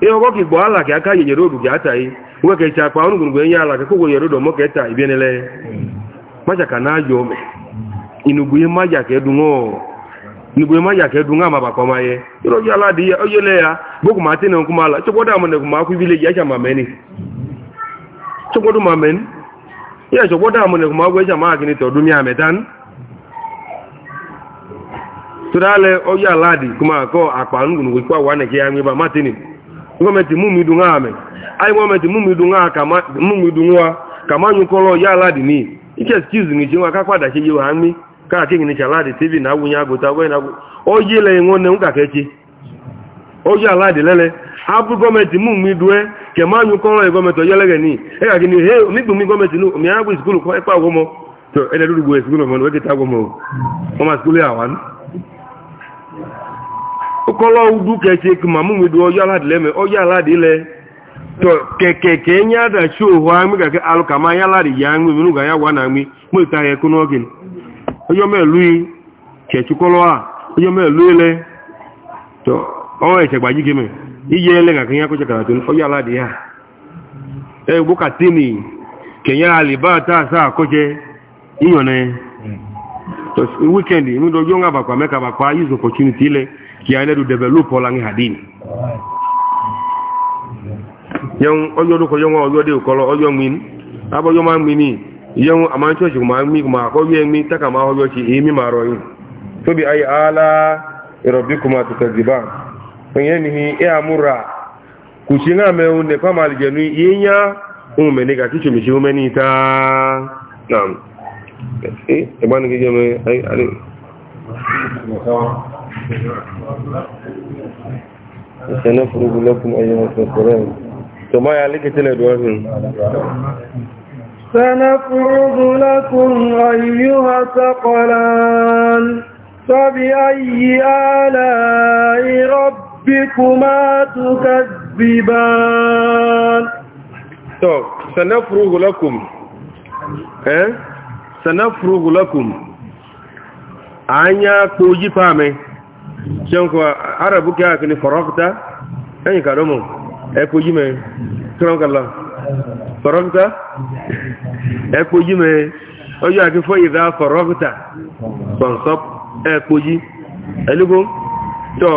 ihe ọgbọka igbo ala ka aka yenyere oru gị ataghị nwe ka echi akpa ọnụ gụrụgwe enye ala ka kogwo nyere ụdọ mọka eta ibienele maja ka na-ajọ inugbuye maja ka edu nwa amaba kpamaye ịrọji ala dị ya oyele ya bụkwu ma atị na nkwụ ala chekwado amana egwu ma akwụ ibile ji acha ma meni chekwado ma meni ya chekwado amana egwu ma agwụ eji ama gịnị tọ dumi amedan tụrụ ala oyi ala dị kuma akọ akpa ngwụngwụ ikpe awa na ke gọọmenti mụmidu nwa amị anyị gọọmenti mụmidu nwa mụmidu nwa ka manyụ ya ala dị n'ihi ike excuse ni ji nwa ka kwadachi ha ka aka ngini dị tv na agwụnye agụta gwe na oyi le nwe ne kechi ala dị lele abụ gọọmenti mụmidue ke manyụ kọrọ gọọmenti oyeleghe ni e ga gini he nu mi skulu kwa ikpa agwụmọ to ededurugbo skulu mọ o. kọ́lọ́ udu kẹ̀kẹ́ kì màmú mi du ọjọ́ aládìí lẹ́mẹ̀ ọjọ́ aládìí lẹ́ tọ kẹ̀kẹ̀kẹ́ ń yá dà sí òhù àmì kàkẹ́ alùkàmá yá aládìí yá ń gbé wa nígbà yá wà náà mi mú ìta yẹ kó nọ́ọ̀kì ọjọ́ mẹ́lú yìí kẹ̀kẹ́ à ọjọ́ tọ ọwọ́ kí mi ẹlẹ́ a kiane du develop olangi hadini yon oyo do ko yon oyo de ko lo oyo min abo yo ma mini yon ama cho chi ma mi ma ko ye mi taka ma oyo chi imi ma ro yin to bi ay ala rabbikuma tukadiban yeni hi ni ka ni ta nam e e bani ke سنفرغ لكم أيها القرآن ثم يعلقتنا دعاهم سنفرغ لكم أيها الثقلان فبأي آلاء ربكما تكذبان طب سنفرغ لكم ها سنفرغ لكم أن يقول جفامي ṣẹ́nkọ́ arabu kí a kì ní fọ́rọ́kútá ẹ̀yìn kàdọ́mù ẹ̀kọ́ yí mẹ́ kíránkàlá fọ́rọ́kútá ẹ̀kọ́ yí mẹ́ ọjọ́ àti fọ́ ìdá fọ́rọ́kútá sọ̀nsọ́p ẹ̀kọ́ yí ẹlúgbó tọ́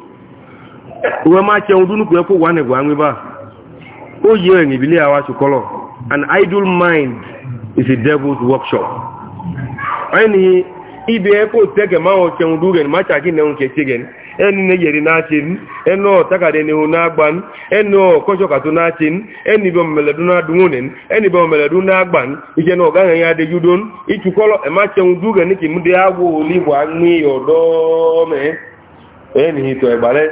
uwe mache udunu kuya ku wane gwanwe ba o yewe ni bile awa chukolo an idle mind is a devil's workshop aini ibe ko tege ma o che udugen macha ki ne unke chegen eni ne yeri na chin eno takade ne una gban eno kojo ka tuna chin eni bo mele duna dungunen eni bo mele duna gban ije no ga ya de judon ichukolo e ma che udugen ki mude agwo oli gwa nwi yodo me eni to e bale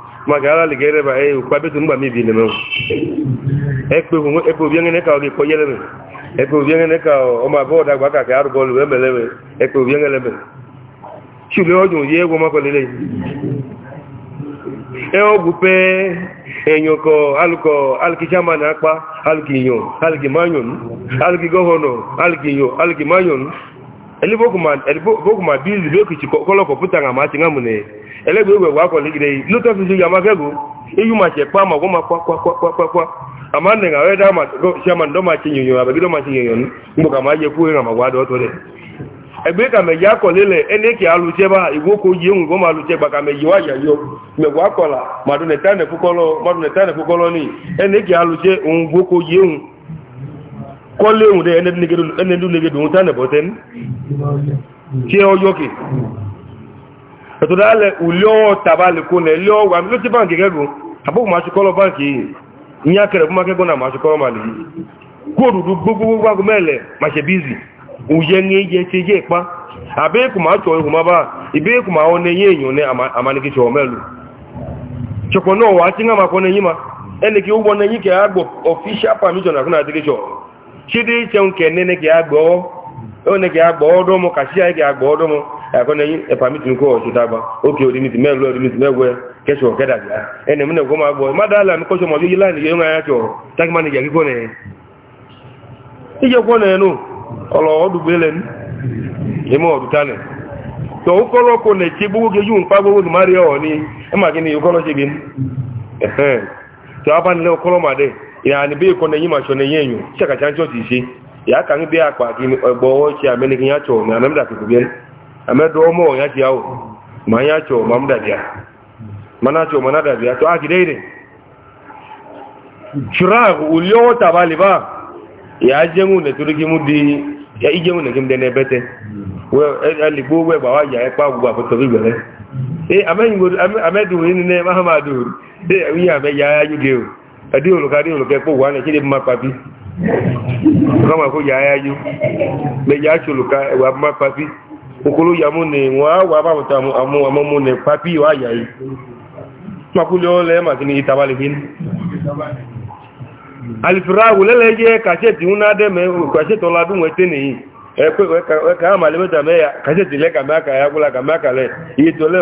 maka ala ligere ba eyi kwa bitu mgba mibi ne mewu ekpe e obi ngene ka oge kpo yele me ekpe obi ngene ka o ma bo da gba ka ka aru bolu we mele we ekpe obi ngene me chule ojo ye egwo ọma kolele e ogu pe enyo ko alụkọ alki chama na akpa alki yo alki manyon alki gohono alki yo alki manyon ele boku ma bizi bi okichi kọlọ kọpụta nga ma achị nga mune ele gbe egwegwe akwa ligide yi lota fi ya maka ego iyu ma che kpa ma gwa ma kwa kwa kwa kwa kwa kwa ya kolele ene ki alu cheba igwo ko yi enwu ya yo me gwa kola ma do ne tane fukolo ni ene ki alu che kọ́lé ohun dẹ̀ ẹni ẹdún nígbèdò ohun tánà bọ̀ tẹ́ni tí ẹ ọjọ́ kì ẹ̀tọ́dá alẹ́ òlíọ́ tàbálẹ̀ kó nẹ̀ lọ́ wà ló tí báǹkì gẹ́gùn àbúkù máa ṣe kọ́lọ báǹkì yìí ìyá kẹrẹ̀ fún mákẹ́gùn náà máa ṣe kọ́lọ màlẹ̀ yìí kóòdùdù gbogbogbò mẹ́lẹ̀ máa ṣe ọ yí chidi iche nke nene gị agbọọ one gị ọdụ mụ ka chia gị agbọọ ọdụ mụ na epamiti nke ọchụ oke orimiti melu orimiti megwe kecha okeda bịa ene m na-egwe m agbọọ mmadụ ala m kọchọ mọbụ yila nige nwa ya chọrọ gị na ije kwọ na enu ọlọ m ime tọ na ya ịma na tọ abanile ụkọrọ ìhànì bí ìkọ́nà yìí máa ṣọ́nà yẹn yùn tí àkàtà ń ṣọ́ọ̀tì ṣe ìyá kan ń gbé àpà kí ẹgbọ́ ọwọ́ ṣe àmẹ́nìkì yá tsọ̀ ní àmẹ́mdà tó gbé àmẹ́dọ́ ọmọ ọ̀yá ti àwọ̀ màá yá tsọ̀ màá dàbíà màá ná tsọ̀ màá ná dàbíà tó àkìdé yìí rẹ̀. tura tàbá lè bá kí mu di ẹdí olùkadì olùkẹ́pọ̀ wà ní kí ni má pàbí kọ́mà kó yà áyá yó méjì á ṣolùka ẹ̀wà má pàbí okolo yà mú ni wọ́n á wà báwọn tó àmú àmọ́ mú ni pàbí yóò àyà yìí makúlẹ̀ ọlẹ́ màkì ni ìtawálẹ̀ yìí alifirawo lẹ́lẹ́ jẹ́ kàṣẹ́tì ń náà dẹ́mẹ́ kàṣẹ́tì ọlọ́dún wẹ́tẹ́ nìyí ẹ̀kọ́ àmà lẹ́mẹ́ta mẹ́yà kàṣẹ́tì lẹ́kàmẹ́kà yàgúlà kàmẹ́kà lẹ́ iye tó lẹ́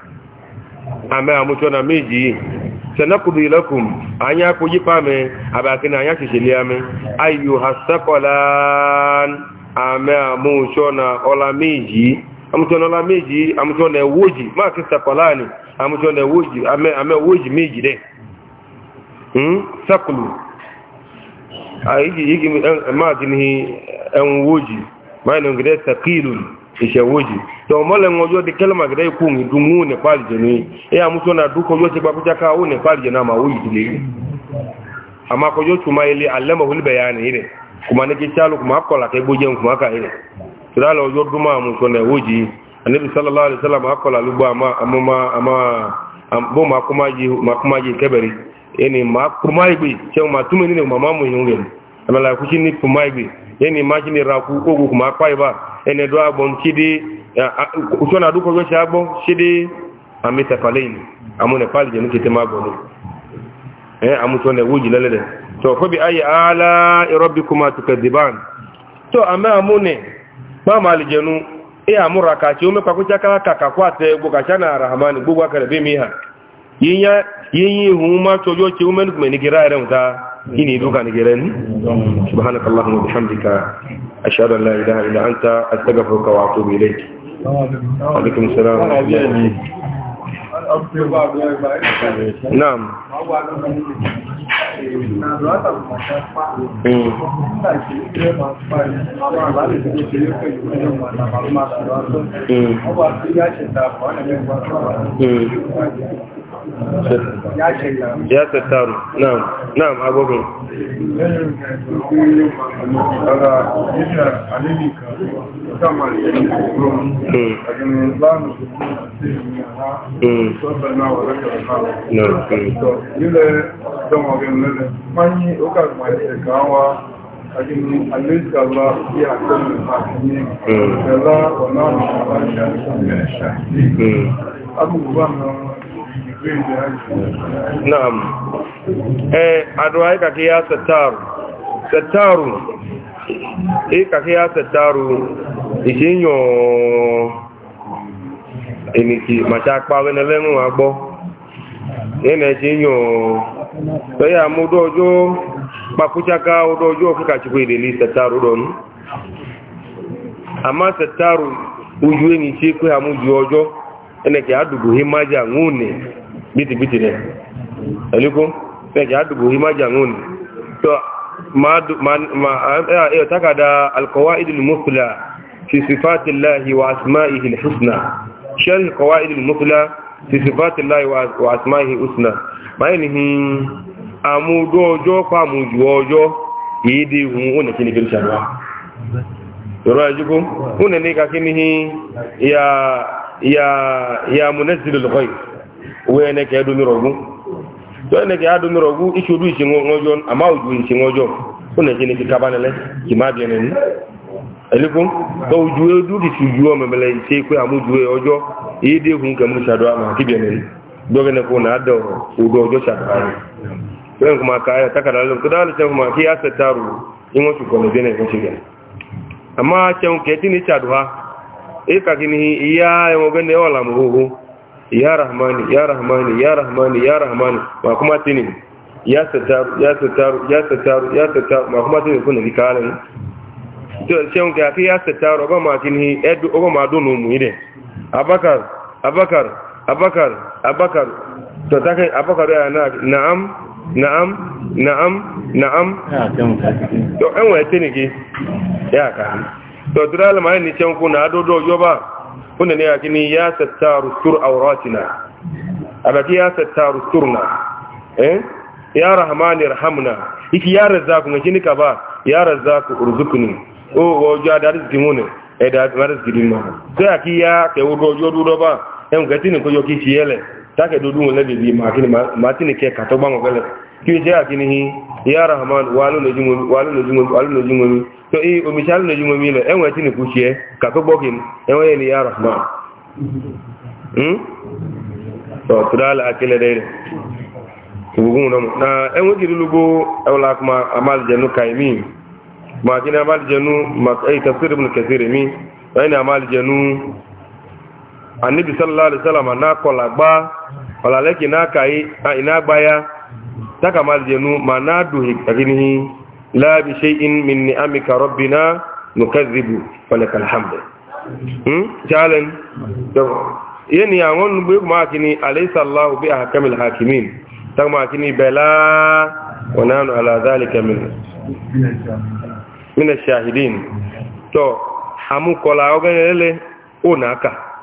ame amutsɔ na meji yi sɛnɛkudu ilɛkum anya kpodzi pame abake na anya tsitsili ame ayo hasɛkɔlan ame amutsɔ na ɔla meji yi na ɔla meji yi na ewoji maaki sɛkɔlani amutsɔ na ewoji ame ame meji dɛ yi ni maa ìṣẹ̀wòjì tọ mọ́lẹ̀ wọn yóò di kẹlẹ̀mà gẹ́gẹ́ ikú ìdúnmú nepal jẹ́ ní ẹyà mútọ́ na dúkọ yóò ti gbapújáká ó nepal jẹ́ náà ma ó yìí lè àmà kọjọ́ túnmá ilé alẹ́mọ̀húnibẹ̀yà ní rẹ̀ kùmà ní kí sálù kùmà kọ̀lá kẹgbó jẹun kùmà ká rẹ̀ tìrálọ̀ yóò dúnmá àmúṣọ na ìwòjì anabi sallallahu alayhi wa sallam akọ̀lá lúgbọ́ àmà bó ma kúmá yìí kẹbẹ̀rẹ̀ ẹni ma kúmá ìgbè yani majini raku ogu kuma kwai ba ene do agbon kidi usona du ko se agbon amita palaini amune pali jenu kiti magoni eh amutone wuji lelele to ko bi ayi ala rabbikuma tukadiban to ama amune ba mali jenu e amura ka ti o pakucha ka kaka kwa te gbo ka chana rahman gbo ka yinya yinyi huma tojo ti o me ni gira ere nta ini duka ni gelen subhanaka allahumma bihamdika ashhadu an la ilaha illa anta astaghfiruka wa atubu ilayk wa alaikum assalam Naam. Mm. Mm. ya tattaru na'am na'am agogo لكن أليس الله في أحكام الحاكمين فلا ولا من الشهيد أبو بكر Naam. Eh, adwa hii kakia setaru. Setaru. Hii kakia setaru. Ishinyo. Ini ki machakpa wene lengu wakbo. Ine ishinyo. So ya mudojo. Makuchaka udojo fika chukwili li setaru donu. Ama setaru ujue nchiku ya mudojo. Ine ki adugu himaja ngune. Ine gbìtìgbìtì rẹ̀ ẹ̀lúkún fẹ́kì àdùgbò yí má jàngún ni tó ẹ̀yọ̀ takada alkọwa idil mufla fi sifati lahi wa asma ihil husna ṣẹ́lì kọwa idil mufla fi sifati lahi wa asma ihil husna ma yi nihi àmúdó ọjọ́ pàmùjù ọjọ́ yìí dé hun ó nà kí ni kí yọ̀rọ̀ ẹ̀júkú ó nà ní kakí nihi ya munazzilu lọ́kọ̀ọ́ yìí wee ne ka edu mirogu to ne adu du ichi ama uju ichi ngojo ni to uju edu di suju o memele ichi ku amuju e ojo ide hun ke mu shado ama kibene ni doge ne ko na ado udo ojo shado ani wen kuma kaya eh, takadalo kudalo chen kuma ki ingo chukone chigene ama chen ha ikakini iya ya rahmani ya rahmani ya rahmani ya rahmani ma kuma tinin ya sataru ya ya kuma kuna to shen ka fi ya sataru ba ma tinin edu ba ma donu mu ide abakar abakar abakar abakar to ta kai abakar ya na na'am na'am na'am na'am to an waye ya ka to dura almai ni kuna ne yake ni ya sattaru sur auratina abaki ya sattaru surna eh ya rahman irhamna iki ya razzaku ngi ni ka ba ya razzaku urzukuni o wo ja da rizki mune e da ma rizki din ma sai aki ya ke wo do do do ba en ga ko yo ki yele ta ke do du le bi ma kini ma tini ke ka to ba mo gele kí o jẹ́ àkínihi ya rahman wà lónàjúmọ́mí tó yí omiṣà lónàjúmọ́mí lẹ ẹwọ̀n tí nìkú ṣe kàtó bọ́kín ẹwọ̀n yẹ ni ya rahman tó hmm? tura àkílẹ̀ rẹ̀ ogun náà na ẹwọ̀n tí lulugbo ẹwọ̀n akọmọ amáàlìjẹnu kaimi ma kí ni amáàlìjẹnu tafsir ibn kasir mi wọ́n ni amáàlìjẹnu annabi sallallahu alaihi wasallam na kọlà gbá ọ̀làlẹ́kì náà kàí ìná gbáyá taka mal jenu mana duhi kagini la bi shay'in min ni'amika rabbina nukazzibu falakal hamd hmm jalan yani angon bu ma kini alaysa allah bi ahkamil hakimin tama kini bala wa nanu ala dhalika min min ash-shahidin to amu kola ogelele onaka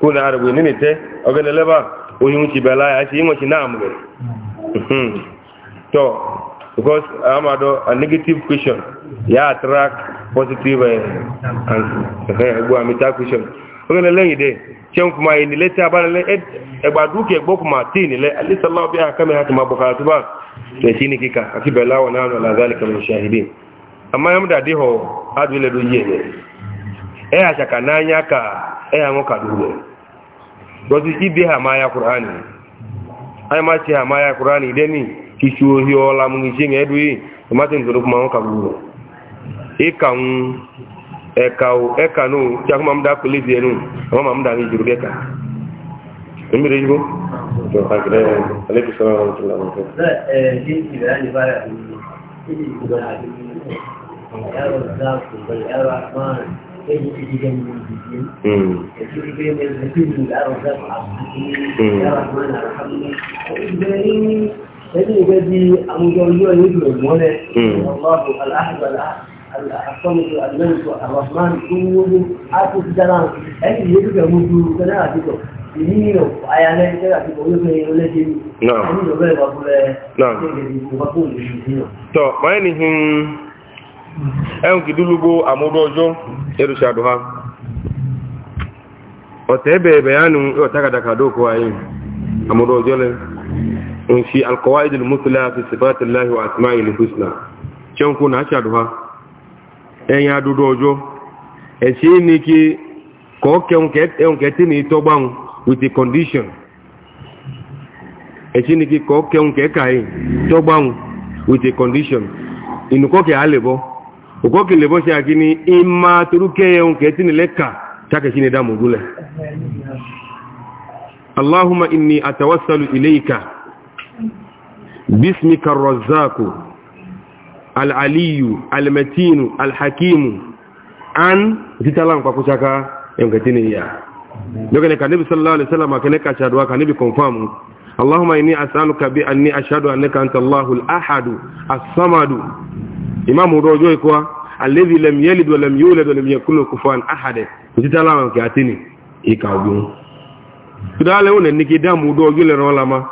ko na arabu nini te ogene leba oyun ti bela ya ti won ti na amure hmm. to because amado a negative question ya attract positive eh, answer egbo eh, ami ta question ogene leyin de chen kuma ni lete abara le egba duke egbo kuma ti ni le ali sallallahu bi akame hatu mabukatu ba to shine kika akibela wa nanu la zalika min shahidin amma yamda diho adu le do yele e eh, asaka nanya ka ya nwoke dubo gozi ha ma ya qur'ani ai ma ci ha ma ya de ni ki shu hi ola mu ni jinga edu yi ma tin kuma e ka un e ka o e ka no ja kuma bi enu ma ma ni juru ka to ka alaikum wa rahmatullahi wa barakatuh Ẹgbẹ́ ìgbẹ́ bí àwùjọ yóò ní ìlú ìmọ́lẹ̀, ọlọ́pù aláàbàlá, àkọ́mùsù, àdínẹ́sù, àrọ̀mán, tó wúwo, á tó ti dára, ẹni ìyẹ́ tó kẹ̀mú ju kẹ́lẹ́ àtìkọ̀, ìní ìrọ̀ ayalẹ́ kẹ́lẹ́ àtìkọ̀ yóò fẹ́ ẹlẹ́gbẹ́ mi, ẹni ìrọ̀ bẹ́ẹ̀ wà fún ẹ ẹ̀hùn kìdúlúgbó àmúrú ọjọ́ ẹrùsàdù ha ọ̀tẹ́ ẹ̀bẹ̀ẹ̀bẹ̀ yánu ọ̀tàkàdàkàdókò ayé àmúrú ọjọ́ lẹ́ ń fi alkọwà ìdìl mùsùlá fi sìfàtìláhì wà àtìmá ilẹ̀ húsnà ṣẹ́nkú na ṣàdù ha ẹ̀yìn adúdú ọjọ́ ẹ̀ṣẹ́ ní kí kọ́ọ̀kẹ́ with a condition inukọ́kẹ́ alẹ́bọ́ uko kilebo cha kini imma turuke unketini leka take kini damu gule Allahumma inni atawassalu ilayka bismika ar-razzaq al-aliy al-matin al-hakim an zitalan kwa kuchaka unketini ya doka ne kanibi sallallahu alaihi wasallam akaneka chadwa kanibi confirm Allahumma inni as'aluka bi anni ashhadu annaka anta Allahul ahad as-samad imamu rojo ikuwa alladhi lam yalid wa lam yulad wa lam yakul lahu kufuwan ahad ke atini ikawgun tudale one niki damu do gile rolama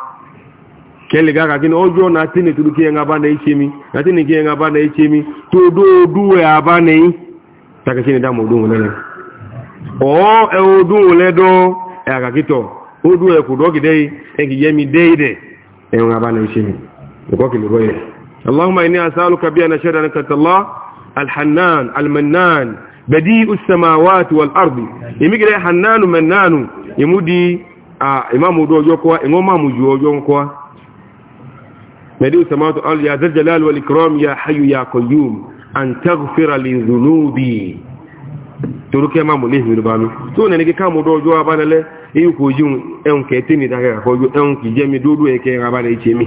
kele gaga kini ojo na atini tuduki nga bana ichimi atini ki nga bana ichimi todo duwe abane takakini damu dungu nene o e odu ledo e agakito odu e kudogi dei e kijemi deide e nga bana ichimi ko kiligoye اللهم إني أسألك بأن شر أنك الله الحنان المنان بديء السماوات والأرض يمكن حنان منان يمودي إمام دو جوكوا إمام جو جوكوا بديء السماوات والأرض يا ذا الجلال والإكرام يا حي يا قيوم أن تغفر لذنوبي تركي ما مليه من بامي تونا نكي كامو دو جوا بانا لي iyo ko jun en ke tini daga ko ju en ki jemi dudu e ke ngabale ichemi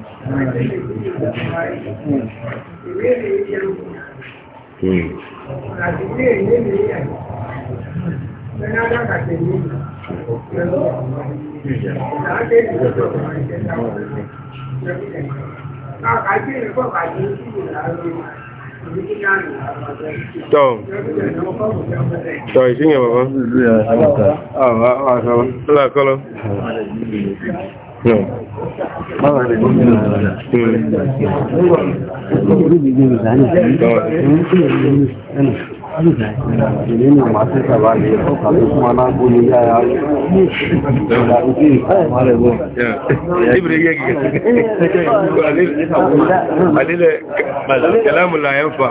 Tọ́ ìṣíyàn bàbá. Àwọn àṣàwọn. Ah, Ọlá kọ́lọ́. Thank hmm. hmm nínú màtí sábà ní ọkàlẹ̀ fún alágbóyé yára ìdàgbé ìfàmàlẹ̀gbọ́. Ibùdó yẹ kìkẹ́ alílẹ̀ kẹlámù láyé fà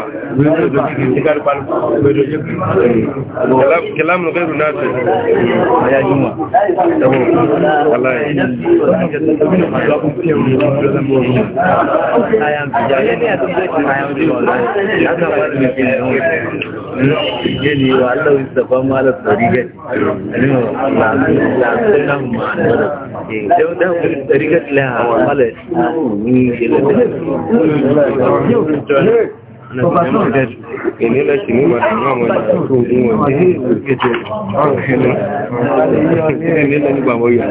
kẹlámù kẹrù náà tẹ̀. Ayájúmọ̀. Ayájúmọ̀. jini wa Allah wani safa malar tsarigar lasunan ma'anar don dan wani tsarigar lahawa malar ni gilata èmi lọ sí ní ìwàdí náà wọn ìgbà tó ogun wọn ní ìgbẹ́jọ ọ̀rùn ẹnu ẹni lọ nígbà wọ́n yà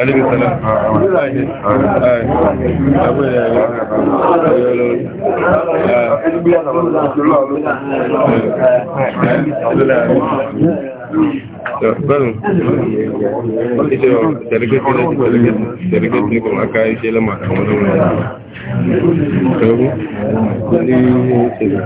ẹlẹ́gbẹ̀sẹ̀lẹ̀ àwọn ẹgbẹ̀rẹ̀ ẹ̀yọ́ barin wanda ce wa delegatin da delegatin kuma aka yi shi lama a wani